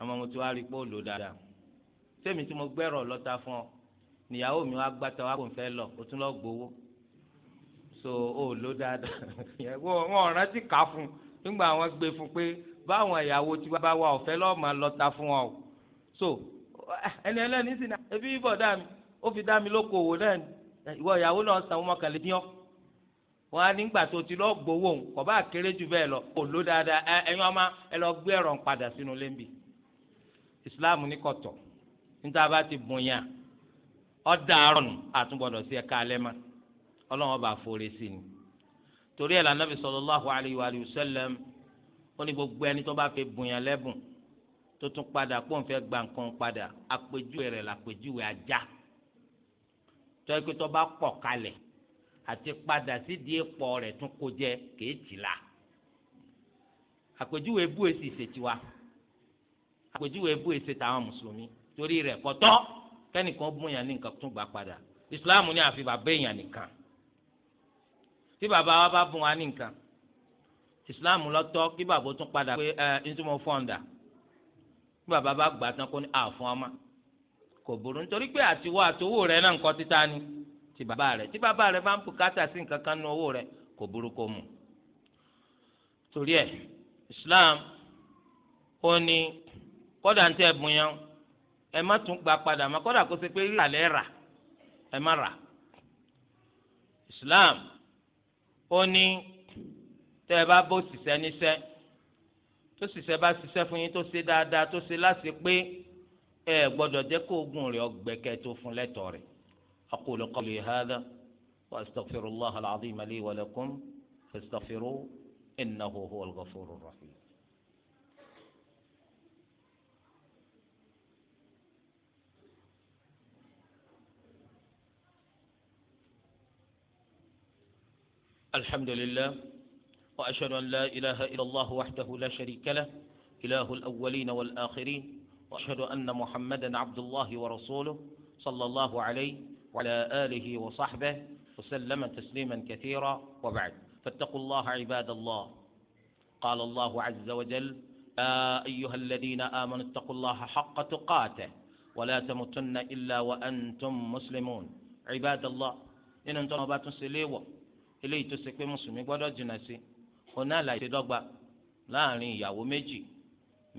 àmọ́ mo ti wá rí pé ó lò dáadáa sẹ́mi tí mo gbẹ́rọ ọlọ́ta fún ọ níyàwó mi wá gbàtà wá kò ń fẹ́ lọ o tún lọ gbowó so ó ló dáadáa wọn ọ̀ràn ti kà fún nígbà wọn gbé fún pé báwọn ìyàwó tí bá wà ọ̀fẹ́ lọ́ọ́ máa lọ ta fún wọn so ẹni ẹlẹ́ni sì náà ebi bọ̀dá mi ó fi dá mi lóko òwò náà ìwọ ìyàwó náà san wọn kàn lè dín ọ́ wọn á nígbà tó ti lọ gbowó òun kò bá kéré jù bẹ́ẹ̀ lọ ó ló dáadáa ẹ̀yin ọmọ ẹ lọ gbé ẹ̀rọ padà sínú lẹ́ńbì Islam ní kọ̀tọ̀ níta bá ti bùn yàn ọ̀daràn àtúngbọ̀dọ̀ sí ẹ̀ka alẹ́ mọ́ ọlọ́run ọba àforí sí ni torí ẹ̀ lànàbì sallallahu alayhi wa sallam ó ní gbogbo ẹni tó bá fẹ́ bùnyàn lẹ́bùn tó tún padà kó n fẹ́ gba nǹkan padà àpèjúwe rẹ̀ làpèjúwe ajá tó yẹ pé tó bá pọ̀ kalẹ̀ àti padà sídìí èpọ̀ rẹ̀ tún kó jẹ kèé la àpèjúwe ebú èsì ìṣètiwa àpèjúwe ebú èsì tàwọn mùsùlùmí torí rẹ̀ kọ́tọ́ kẹ́nìkan mú yàn ní nǹkan tún gbà padà islam ní àfi bàbá èèyàn nìkan tí bàbá wa bá fún wa ní nǹkan islam lọ́tọ̀ kí bàbá tún padà pé ẹ ntúmọ̀ fọ́ǹdà bí bàbá bá gbà tán kó ní àfọ́n ọmọ kò burú nítorí pé àtiwọ́ àtowó rẹ náà nǹkan títa ni ti bàbá rẹ tí bàbá rẹ bá ń bùkátà sí nǹkan kan nu owó rẹ kò burú kó mu torí ẹ islam ó ní kódà ń tẹ́ ẹ yẹn ẹ má tún gbà padà má kọ́dà kó ṣe pé rírà lẹ́ rà ẹ má rà Islam ó ní tẹ́ ẹ bá bó ṣiṣẹ́ níṣẹ́ tó ṣiṣẹ́ bá ṣiṣẹ́ fún yín tó ṣe dáadáa tó ṣe láṣẹ pé ẹ gbọ́dọ̀ jẹ́ kó oògùn rẹ̀ ọgbẹ́kẹ́ tó fún lẹ́tọ̀ọ́ rẹ̀ aqulu qawli hadha wa astaghfirullaha al-azima wa lakum fastaghfiruhu innahu huwal ghafurur rahim. الحمد لله وأشهد أن لا إله إلا الله وحده لا شريك له إله الأولين والآخرين وأشهد أن محمدا عبد الله ورسوله صلى الله عليه وعلى آله وصحبه وسلم تسليما كثيرا وبعد فاتقوا الله عباد الله قال الله عز وجل يا أيها الذين آمنوا اتقوا الله حق تقاته ولا تموتن إلا وأنتم مسلمون عباد الله إن أنتم باتوا سليوه eléyìí tó ṣe pé mùsùlùmí gbọ́dọ̀ jìnnà sí oná àlàyé dọ́gba láàrin ìyàwó méjì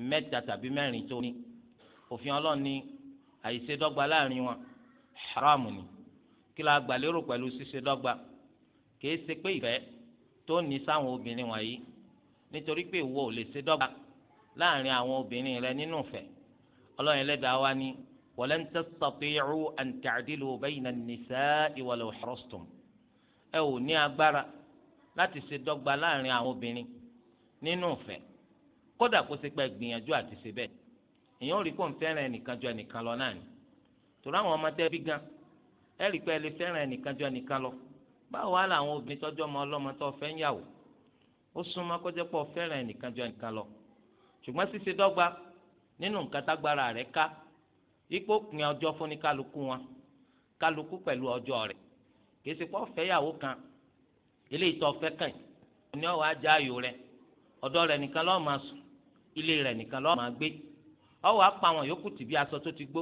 mẹ́ta tàbí mẹ́rin tó ní òfin Ọlọ́run ní àìṣe dọ́gba láàrin wọn haram ni kí la gbàlérò pẹ̀lú ṣíṣe dọ́gba kìí ṣe pé ìfẹ́ tó ní sáwọn obìnrin wọ̀nyí nítorí pé ìwọ ò lè ṣe dọ́gba láàrin àwọn obìnrin rẹ nínú ìfẹ́ Ọlọ́run Ẹlẹ́dàá wa ni walan tastati'u an ta'dilu bayna an-nisa'i walau harastum ẹ ò ní agbára láti ṣe dọ́gba láàrin àwọn obìnrin nínú ìfẹ́ kódà kó ṣe pé gbìyànjú àti ṣe bẹ́ẹ̀ èèyàn ò rí kó ń fẹ́ràn ẹnìkan ju ẹnìkan lọ náà ni tòun àwọn ọmọ tẹ́ bí gan ẹ rí pé ẹ lè fẹ́ràn ẹnìkan ju ẹnìkan lọ báwo wá làwọn obìnrin tọ́jú ọmọ ọlọ́mọ tó fẹ́ ń yàwó ó súnmọ́ kó jẹ́ pé ọ fẹ́ràn ẹnìkan ju ẹnìkan lọ ṣùgbọ́n ṣíṣe dọ́gba nínú nǹkan tágbára rẹ̀ ká ipò pin ọjọ́ fún kálukú wọn kálukú pẹ̀lú ọjọ́ rẹ̀ kìí ṣe pé ọ̀fẹ́ yàwó kan eléyìí tó ọ̀fẹ́ kàn yìí ni ọ̀wọ́ ajá ayò rẹ ọ̀dọ́ rẹ nìkan lọ́ọ́ máa sùn ilé rẹ nìkan lọ́ọ́ máa gbé ọ̀wọ́ apá wọn yòókù tì bí aṣọ tó ti gbó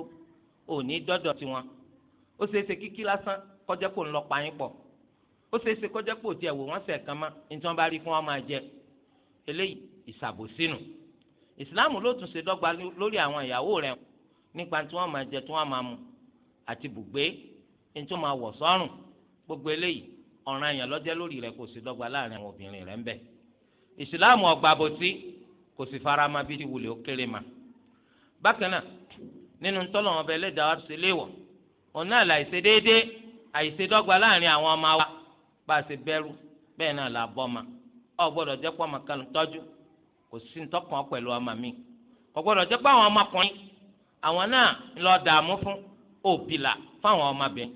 òní dọ́dọ̀ tiwọn ó ṣeé ṣe kíkí lásán kọjá kó ń lọ pa yín pọ̀ ó ṣeé ṣe kọjá kó tiẹ̀ wò wọ́n sẹ̀ kan mọ́ ní tí wọ́n bá rí fún wọn máa jẹ eléyìí ìṣàbòsínù ìsìláàmù ló tún ṣe dọ́gba lórí àwọn ìyàwó rẹ nípa tí wọ́n máa jẹ tí wọ́n máa mu àti bùgbé ní tí wọ́n máa wọ̀ sọ́rùn gbogbo eléyìí ọ̀ràn èèyàn lọ́jẹ́ lórí rẹ̀ kò sí dọ́gba láàrin àwọn obìnrin rẹ̀ ń bẹ̀. ìsìláàmù ọgbà àbòsí kò sì fara ma bí wulẹ̀ ó kéré ma. bákan náà nínú tọ́lọ̀ ọbẹ̀ ẹlẹ́dàá wa ṣe léèwọ̀ òun náà là ìṣe déédé àìṣe dọ́gba láàrin àwọn ọmọ wa bá a ṣe bẹ́rù bẹ́ẹ̀ náà là bọ́ ma. ọ gbọ́dọ̀ jẹ́ pọ́ ọmọ kan tọ́jú kò sí ntọ́kàn pẹ̀lú ọmọ mi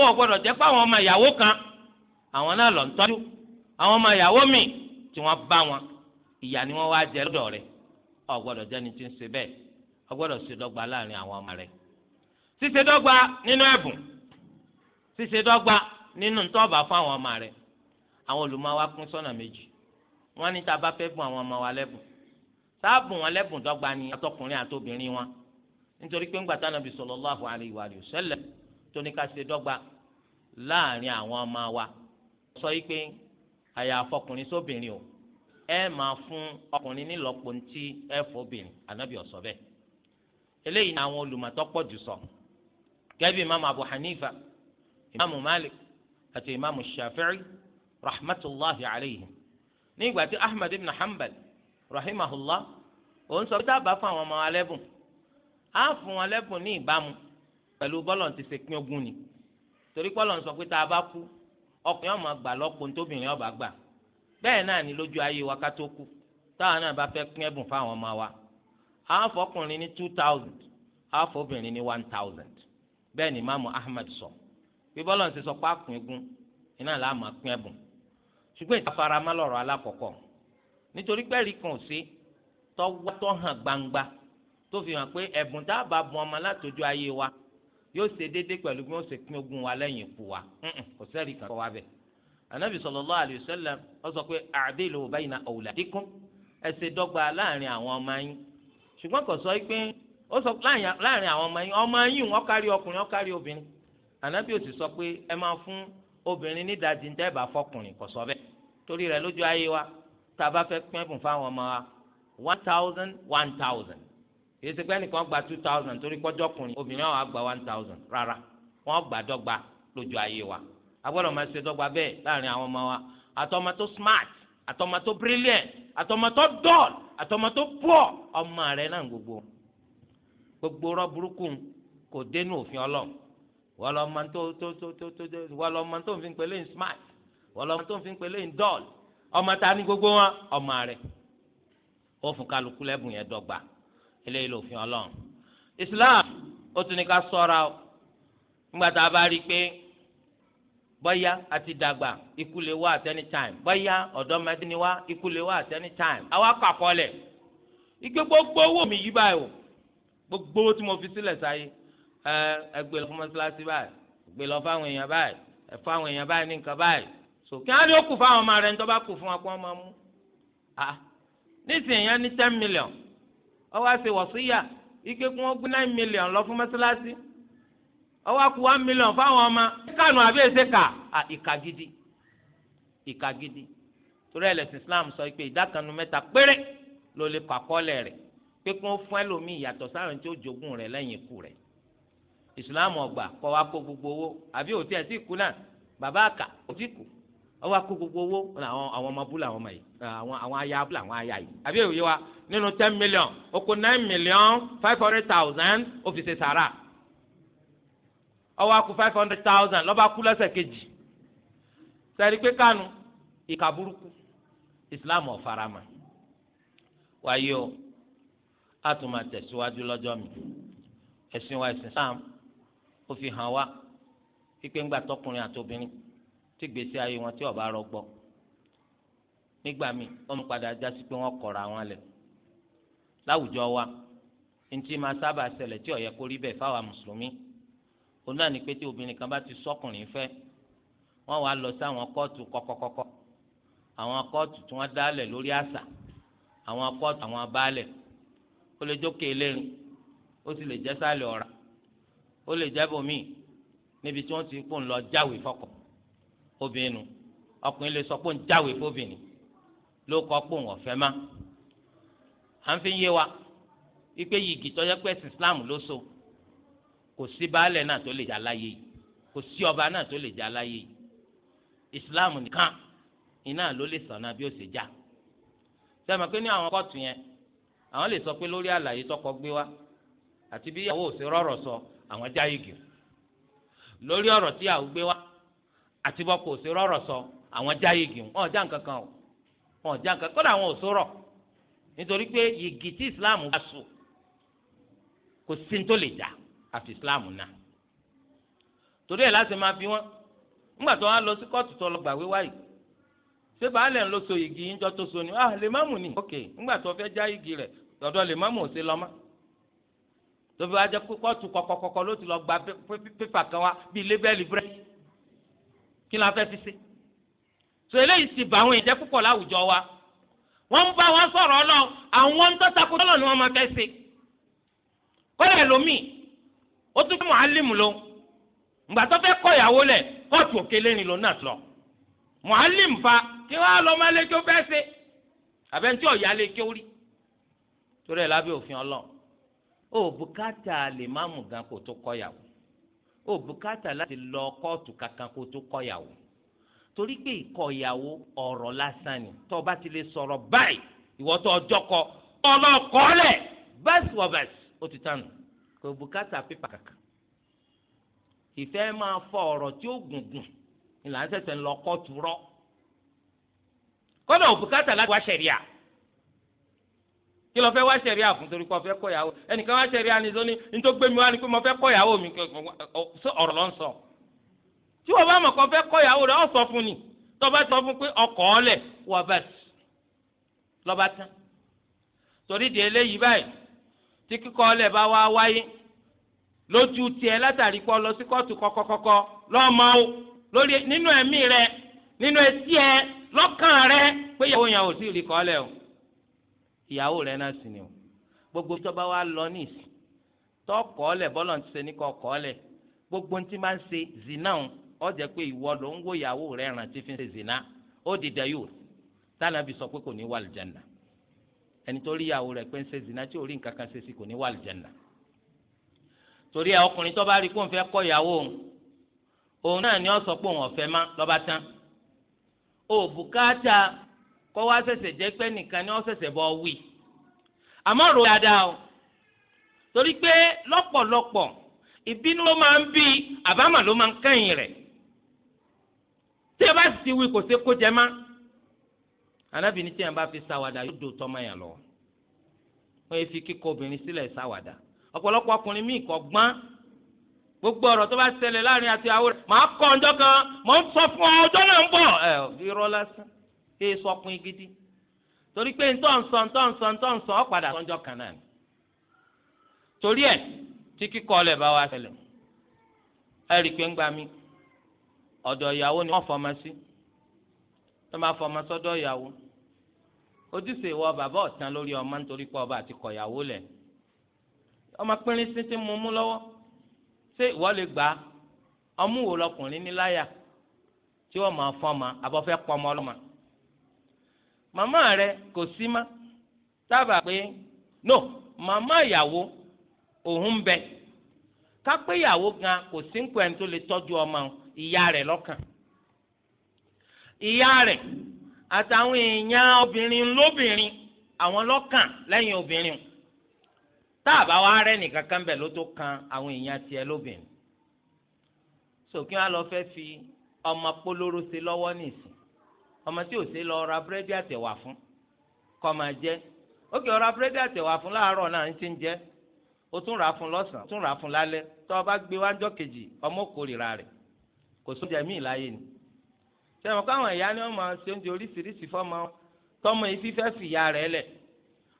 ó gbọ́dọ̀ jẹ́ pé àwọn ọmọ ìyàwó kan àwọn náà lọ ń tọ́jú àwọn ọmọ ìyàwó míì tí wọ́n bá wọn ìyà ni wọ́n wá jẹ lọ́dọ̀ rẹ̀ ó gbọ́dọ̀ jẹ́ni tí ń ṣe bẹ́ẹ̀ ó gbọ́dọ̀ ṣe dọ́gba láàrin àwọn ọmọ rẹ̀ ṣíṣe dọ́gba nínú ẹ̀bùn ṣíṣe dọ́gba nínú ntọ́ọ̀bà fún àwọn ọmọ rẹ̀ àwọn olùmọ̀ wa kún sọ́nà méjì wọ́n ní tá a bá fẹ́ bùn àwọn ọmọ wa lẹ́bùn tá a bùn wọn lẹ́bùn dọ́gba ni àtọkùnrin àtobìnrin wọn nítorí pé ńgbà tí Ànábì sallallahu alaihi wa sallam tóní ká ṣe dọ́gba láàrin àwọn ọmọ wa sọ yìí pé àyà àfọkùnrin sóbìnrin o ẹ máa fún ọkùnrin nílọ́pọ̀ ntí ẹ fọbìnrin ànábì ọ̀sọ́ bẹ́ẹ̀ eléyìí ni àwọn olùmọ̀tọ́pọ̀ jù sọ gẹ́gẹ́ bí abu hanifa imaamu malik àti imaamu shafi'i rahmatulahi alayhi nígbà tí ahmed ibn hanbal rahimahullah òun sọ pé tá a bá fún àwọn ọmọ wa á fún wọn lẹ́bùn ní ìbámu pẹ̀lú bọ́lọ̀ ti ṣe pín ogún ni torí pọ́lọ̀ ń sọ pé tá a bá kú ọkùnrin ọmọ gbà lọ́pọ̀ nítòbìnrin ọba gbà bẹ́ẹ̀ náà ni lójú ayé wa ká tó kú táwọn náà bá fẹ́ pín ẹ̀bùn fáwọn ọmọ wa àwọn ní two thousand àwọn afọbìnrin ní one thousand bẹ́ẹ̀ ni Imaamu Ahmad sọ bí bọ́lọ̀ ń ṣe sọ pé àkùn egun iná làá máa pín ẹ̀bùn ṣùgbọ́n ìtafaramá lọ̀rọ̀ alákọ̀ọ́kọ́ nítorí pẹ́ẹ́rì kan ò sí tọ́wọ́ tó gbangba tó fi hàn pé ẹ̀bùn tá a bá bu ọmọ látọjú ayé wa yóò ṣe déédéé pẹ̀lú bí wọ́n ṣe pín ogun wa lẹ́yìn ikú wa kò sẹ́rì kan wá bẹ̀. anabi sallallahu alayhi wa sallam ó sọ pé a'dilu bayna awladikum ẹ ṣe dọ́gba láàrin àwọn ọmọ yín ṣùgbọ́n kò sọ pé ó sọ láàrin àwọn ọmọ yín ọmọ yín wọ́n kárí ọkùnrin wọ́n kárí obìnrin anabi ò sì sọ pé ẹ máa fún obìnrin ní ìdajì ń dẹ́ẹ̀bà fọkùnrin kò sọ bẹ́ẹ̀ torí rẹ̀ lójú ayé wa tá a bá fẹ́ pín ẹ̀bùn fáwọn ọmọ wa one thousand one thousand èyí ti pẹ́ nìkan gba two thousand torí pọ́jọ́ kùnrin obìnrin àwọn àgbà one thousand rárá wọ́n gbà dọ́gba lójú ayé wa a gbọ́dọ̀ máa ṣe dọ́gba bẹ́ẹ̀ láàrin àwọn ọmọ wa àtọmọ tó smart àtọmọ tó brilliant àtọmọ tó dull àtọmọ tó poor ọmọ rẹ náà gbogbo gbogbo rọ burúkú kò dénú òfin ọlọ́run wọ́n lọ máa tó tó tó tó tó wọ́n lọ máa tó fi ń pèlè smart wọ́n lọ máa tó fi ń pèlè dull ọmọ ta ni gbogbo wọn ọmọ rẹ ó fún kálukú lẹ́bùn yẹn dọ́gba eléyìí lòfin Ọlọ́run Islam ó tún ní ká ṣọ́ra o nígbà tá a bá rí i pé bóyá àti dàgbà ikú lè wá at any time bóyá ọ̀dọ́mọdé ni wá ikú lè wá at any time àwa kàkọ́ lẹ̀ ike gbogbo owó mi yí o gbogbo tí mo fi sílẹ̀ sáyé ẹ ẹ gbé lọ fún mọ́ṣáláṣí báyìí gbé lọ fáwọn èèyàn báyìí ẹ fáwọn èèyàn báyìí ní nǹkan báyìí so kí á ní ó kù fáwọn ọmọ rẹ ní tó bá kù fún wa kó wọn máa mú ah nísìnyí yẹn ní ten million ọwọ́ àṣẹ wọ̀síyà ike kí wọ́n gbé nine million lọ fún mọ́sálásí ọwọ́ àkú one million fáwọn ọmọ kánú àbí èsè kà á ìkà gidi ìkà gidi torí ẹlẹ́sìn Islam sọ pé ìdákanu mẹ́ta péré ló lè kọ́ àkọọ́lẹ̀ rẹ̀ pé kí wọ́n fún ẹlòmíì yàtọ̀ sáwọn tí ó jogún rẹ̀ lẹ́yìn ikú rẹ̀ Islam ọgbà kọ́ wa kó gbogbo owó àbí òtí ẹ̀ tí ì náà bàbá àkà òtí kù ọwọ́ akó gbogbo owó àwọn àwọn ọmọ abúlé àwọn ọmọ yìí àwọn àwọn aya abúlé àwọn aya yìí àbí òye wa nínú ten million ó nine million five hundred thousand ó fi ṣe sàrà ọwọ́ akó five hundred thousand lọ́ba kú lọ́sẹ̀ kejì sẹ́rí pé kánú ìka burúkú islam ọ̀farama wáyé o a tún máa tẹ̀síwájú lọ́jọ́ mi ẹ̀sìn wa ẹ̀sìn sáà ó fi hàn wá pípé ńgbà tọkùnrin àti obìnrin tí gbèsè ayé wọn tí ọba rọgbọ nígbà míì wọn mú padà já sí pé wọn kọra wọn lẹ láwùjọ wa ntí máa sábà ṣẹlẹ̀ tí ó yẹ kó rí bẹ́ẹ̀ fáwọn mùsùlùmí òun náà ní pé tí obìnrin kan bá ti sọkùnrin fẹ́ wọ́n wàá lọ sí àwọn kóòtù kọ́kọ́kọ́kọ́ àwọn kóòtù tí wọ́n dálẹ̀ lórí àṣà àwọn kóòtù àwọn baálẹ̀ ó lè jókè eléyìn ó sì lè jẹ́ sálẹ̀ ọ̀ra ó lè jẹ́ bòmíì níbi tí wọ́n ti kó lọ jáwèé fọ́kọ̀ọ́ obìnrin nù ọkùnrin lè sọ pé ń jáwé fóbìnrin ló kọ́ fi yé wa wípé yìgì tọ́jọ́ pé ẹ̀sìn Islam ló so kò sí baálẹ̀ náà tó lè kò ọba náà tó lè jà yi Islam nìkan iná ló lè sọ̀nà bí ó ṣe jà sẹ́mi pé ní àwọn kóòtù yẹn àwọn lè sọ pé lórí àlàyé tọkọ gbé wá àti bí ìyàwó rọrọ sọ àwọn já yìgì lórí tí àwọn gbé àti bọ́ kò sí rọ́rọ̀ sọ àwọn já yìgì wọn já nǹkan kan o wọn já nǹkan kọ́dà àwọn ò sọ̀rọ̀ nítorí pé yìgì tí islam bá sùn kò sí tó lè jà àfi islam náà torí ẹ̀ láti máa fi wọ́n ńgbà tó wá lọ sí kóòtù tó lọ gbà wíwá yìí ṣé baálẹ̀ ń lọ so yìgì yín jọ tó so ni ah lè má mú ni ok ńgbà tó fẹ́ já yìgì rẹ̀ dọ̀dọ̀ lè má mú òsè lọ́mọ́ tó fi wá jẹ́ kóòtù kọ̀kọ̀kọ̀kọ̀ ló ti lọ gba pépà kan wá bíi lébẹ́lì búrẹ́dì kí la fẹ́ fi ṣe so eléyìí sì bá àwọn ìjẹ́ púpọ̀ láwùjọ wa wọ́n ń bá wọn sọ̀rọ̀ ọlọ́ àwọn ń tọ́ta kó tọ́lọ̀ ni wọ́n máa fẹ́ ṣe kọ́lẹ̀ lómi ó tún fẹ́ mọ̀álìmù ló ǹgbà tó fẹ́ kọ́ ìyàwó lẹ̀ kóòtù òkè lẹ́ni ló náà lọ mọ̀álìmù fa kí wọ́n á lọ máa lé kí ó fẹ́ ṣe àbẹ́ntí ọ̀yà lé kí ó rí torí ẹ̀ lábẹ́ òfin ọlọ́ ò bùkátà lè má mú gan kó tó kọ́ ìyàwó ó bukata láti lọ kóòtù kankan kó tó kọyàwó torí pé ìkọyàwó ọ̀rọ̀ lásán ni tó o bá ti lè sọ̀rọ̀ báyìí ìwọ tó ọjọ́ kọ ọlọ́kọ́lẹ̀ bẹ́ẹ̀sì wọ bẹ́ẹ̀sì ó ti tánu kò bùkátà pépà kankan ìfẹ́ máa fọ ọ̀rọ̀ tí ó gùngùn ìlànà sẹ̀sẹ̀ ń lọ kóòtù rọ́ kọ́nà òbúkátà láti wá ṣẹ̀ríà kí lọ fẹ́ wá sẹ̀rí àfún torí kọ́ fẹ́ kọ́yàwó ẹnìkan wá sẹ̀rí àníṣó ní nítorí gbé mi wá ni pé mo fẹ́ kọ́yàwó mi ọ̀rọ̀ ló ń sọ. tí wọ́n bá mọ̀ kọ́ fẹ́ kọ́yàwó rẹ̀ ọ̀ sọ fún ni tó bá sọ fún pé ọkọ̀ ọ̀lẹ̀ wà bá ti lọ́ba tán. torí di eléyìí báyìí tí kíkọ́ ọ̀lẹ̀ bá wá wáyé lójú tiẹ̀ látàrí kọ́ lọ sí kóòtù kọ́kọ́kọ́kọ́ lọ́mọ o lórí nínú ẹ̀mí rẹ nínú etí ẹ lọ́kàn rẹ pé ìyàwó yẹn ò sí ìrìkọ́ ọ̀lẹ̀ o ìyàwó rẹ náà sì o gbogbo tó bá wà lọ ní ìsìn tó lẹ bọlọ ti ṣe ní lẹ. gbogbo tí máa ń ṣe zina o ọ jẹ pé ìwọ ló ń wo ìyàwó rẹ rántí fi ṣe zina ó di sọ pé kò ní wà ẹni tó rí ìyàwó pé zina tí ò nǹkan kan ṣe sí kò ní wà torí ẹ ọkùnrin tó bá rí kọ ìyàwó òun òun ni sọ pé òun kọ́ wá ṣẹ̀ṣẹ̀ jẹ́ pé nìkan ni wọ́n ṣẹ̀ṣẹ̀ bọ́ wí àmọ́ rò dáadáa o torí pé lọ́pọ̀lọpọ̀ ìbínú ló máa ń bí àbámọ̀ ló máa ń kẹ́yìn rẹ̀ tí ẹ bá sì ti wí kò sí kó jẹ má anábìíní tí ẹ bá fi ṣàwàdà yóò do tọ́mọ yẹn lọ wọ́n yẹ fi kíkọ obìnrin sílẹ̀ ṣàwàdà ọ̀pọ̀lọpọ̀ ọkùnrin míì kọ́ gbọ́n gbogbo ọ̀rọ̀ tó bá ṣẹlẹ̀ láàrin àti àwọn rẹ̀ màá kọ́ ọjọ́ kan mò ń sọ fún ọjọ́ náà ń bọ̀ ẹ̀ irọ́ lásán èé sọkùn gidi torí pé ntọ́nsọ ntọ́nsọ ntọ́nsọ ọ̀padà sọ́njọ́ kan náà ni torí ẹ̀ tí kíkọ́ ọlẹ̀ bá wá ṣẹlẹ̀ ẹ rí i pé ń gbà mí ọ̀dọ̀ ìyàwó ni wọ́n fọmọ sí ẹ máa fọmọ sọ́dọ̀ ìyàwó ojúṣe ìwọ bàbá ọ̀tán lórí ọmọ nítorí pé ọba àti kọ̀yàwó lẹ̀ ọmọ pínrín sí ti mú mú lọ́wọ́ ṣé ìwọ lè gbà á ọmú wo lọkùnrin níláyà tí wọ́n máa fọmọ àbọ̀fẹ́ pọmọ ọlọ́mọ màmá rẹ kò sí má sábà pé no màmá ìyàwó òun ń bẹ kápẹ́ ìyàwó gan kò sí ń pẹ́ ẹni tó lè tọ́jú ọmọ ìyá rẹ̀ lọ́kàn ìyá rẹ̀ àtàwọn èèyàn obìnrin lóbìnrin àwọn lọ́kàn lẹ́yìn obìnrin tá a bá nìkan kan bẹ̀ ló tó kan àwọn èèyàn tiẹ̀ lóbìnrin sòkè wọn lọ fẹ́ fi ọmọ polówó ṣe lọ́wọ́ nìsín ọmọ tí ò sí lọ ra búrẹ́dì àtẹ̀wà fún kọ́ máa jẹ́ ó kì í ra búrẹ́dì àtẹ̀wà fún láàárọ̀ náà ń ti ń jẹ́ ó tún rà á fún lọ́sàn-án tún rà á fún lálẹ́ tó o bá gbé wájọ́ kejì ọmọ kórìíra rẹ̀ kò sóúnjẹ míì láyé ni sẹ́wọ̀n káwọn ìyá ni wọ́n máa ṣe oúnjẹ oríṣiríṣi fọ́mọ tọmọ yìí fífẹ́ fìyà rẹ̀ lẹ̀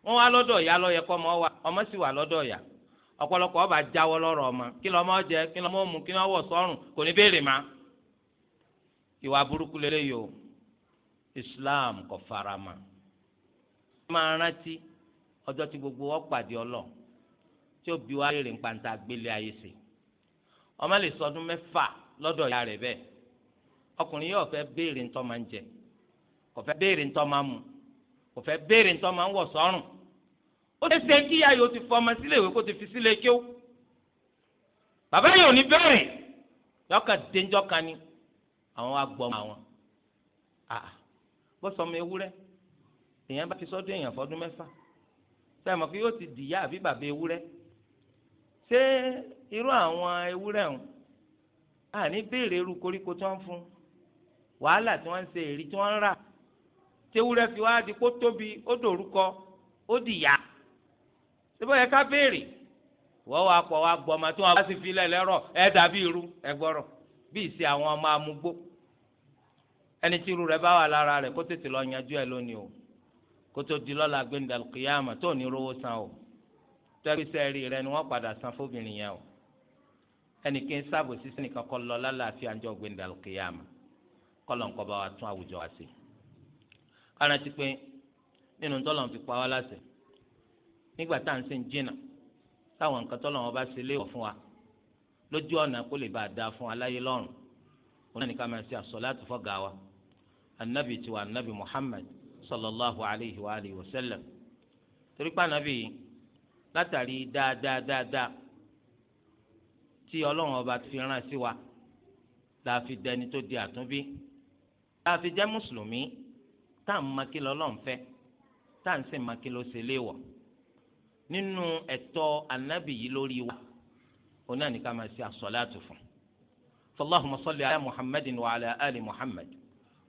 wọ́n wá lọ́dọ̀ ìyá ló yẹ wa ọmọ sì wà lọ́dọ̀ ìyá ọ̀pọ̀lọpọ̀ ọba jáwọ́ lọ́rọ̀ ọmọ kí lọ́ ọmọ jẹ kí lọ́ ọmọ mú kí lọ́ wọ̀ sọ́rùn kò ní béèrè má ìwà burúkú lélẹ́yìí o islam kò farama máa rántí ọjọ́ tí gbogbo wa pàdé ọlọ́ tí ó bi wá léèrè ń pàǹtà gbélé ayé sí ọmọ lè sọdún mẹ́fà lọ́dọ̀ ìyá rẹ̀ bẹ́ẹ̀ ọkùnrin yóò fẹ́ béèrè ńtọ́ máa ń jẹ kò fẹ́ béèrè ńtọ́ máa ń mu kò fẹ́ béèrè ńtọ́ máa ń wọ̀ sọ́rùn ó ṣe ṣe kí ayò ti fọ ọmọ sílé ìwé kó ti fi sílé kí ó bàbá yìí ní bẹ̀rẹ̀ yọkàn déńjọ́ kan ni àwọn wa gbọ́ ọmọ àwọn bọ́sọ̀mọ ewúrẹ́ èèyàn bá ti sọ́dún èèyàn fọdún mẹ́fà sẹ́mi kí yóò ti dìyà àbí bàbá ewúrẹ́ ṣé irú àwọn ewúrẹ́ ọ̀hún àní béèrè irú koríko tí wọ́n fún wàhálà tí wọ́n ń ṣe èrí tí wọ́n ń rà tewúrẹ́ fi wá di kó tóbi ó dòrúkọ ó dìyà síbẹ̀ yẹ ká béèrè wọ́n wá pọ̀ wá gbọ́mọ tí wọ́n bá sì fi lẹ̀ lẹ́rọ̀ ẹ̀ dàbí irú ẹ̀ gbọ́rọ̀ bí ìṣe àwọn ọmọ amúgbó ẹni tí irú rẹ̀ bá wà lára rẹ̀ kó tètè lọ yanjú ẹ lónìí o kó tó di lọ́la gbẹ̀ndàlù kìyàmà tó ní rówó san o tẹ́bí sẹ́ẹ̀rì rẹ ni wọ́n padà san fóbìnrin yẹn o ẹnì kí n sábò sísè nìkan kọ́ lọ lálàáfíà ń jọ gbẹ̀ndàlù kìyàmà kọ́lọ̀ ń kọ́ bá wa tún àwùjọ wa sí. kára ti pé nínú tọ́lọ̀ ń fi pa wá láṣẹ nígbà tá à ń sìn jìnnà táwọn nǹkan tọ́lọ̀ wọn bá ṣe léwọ̀ fún wa lójú ọ̀nà kó lè bá a dáa fún aláyé lọ́rùn òun náà ní ká máa ṣe àsọ̀látù fọ́gà wa anabi tiwa anabi muhammad sallallahu alayhi wa alayhi wa sallam torí pé anabi látàrí dáadáa dáadáa tí ọlọ́run ọba fi rán sí wa la fi dẹni tó di àtúnbí la fi jẹ́ mùsùlùmí tá à ń makí lọ́lọ́run fẹ́ tá à ń sìn makí ló ṣe léèwọ̀ nínú ẹ̀tọ́ anabi yìí lórí wa onáà ní ká máa ṣe àsọ̀lá àtúfún fọláhùn mọ́sálẹ́ àyà muhammadin wa àlẹ́ àlẹ́ muhammad.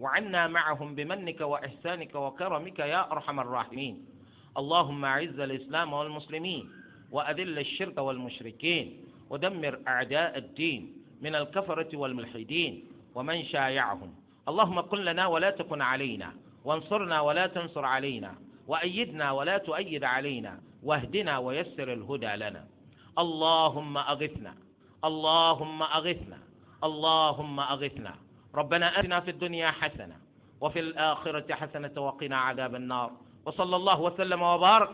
وعنا معهم بمنك وإحسانك وكرمك يا أرحم الراحمين اللهم أعز الإسلام والمسلمين وأذل الشرك والمشركين ودمر أعداء الدين من الكفرة والملحدين ومن شايعهم اللهم كن لنا ولا تكن علينا وانصرنا ولا تنصر علينا وأيدنا ولا تؤيد علينا واهدنا ويسر الهدى لنا اللهم أغثنا اللهم أغثنا اللهم أغثنا ربنا آتنا في الدنيا حسنة وفي الآخرة حسنة وقنا عذاب النار وصلى الله وسلم وبارك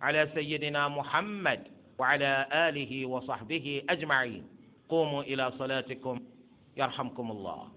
على سيدنا محمد وعلى آله وصحبه أجمعين قوموا إلى صلاتكم يرحمكم الله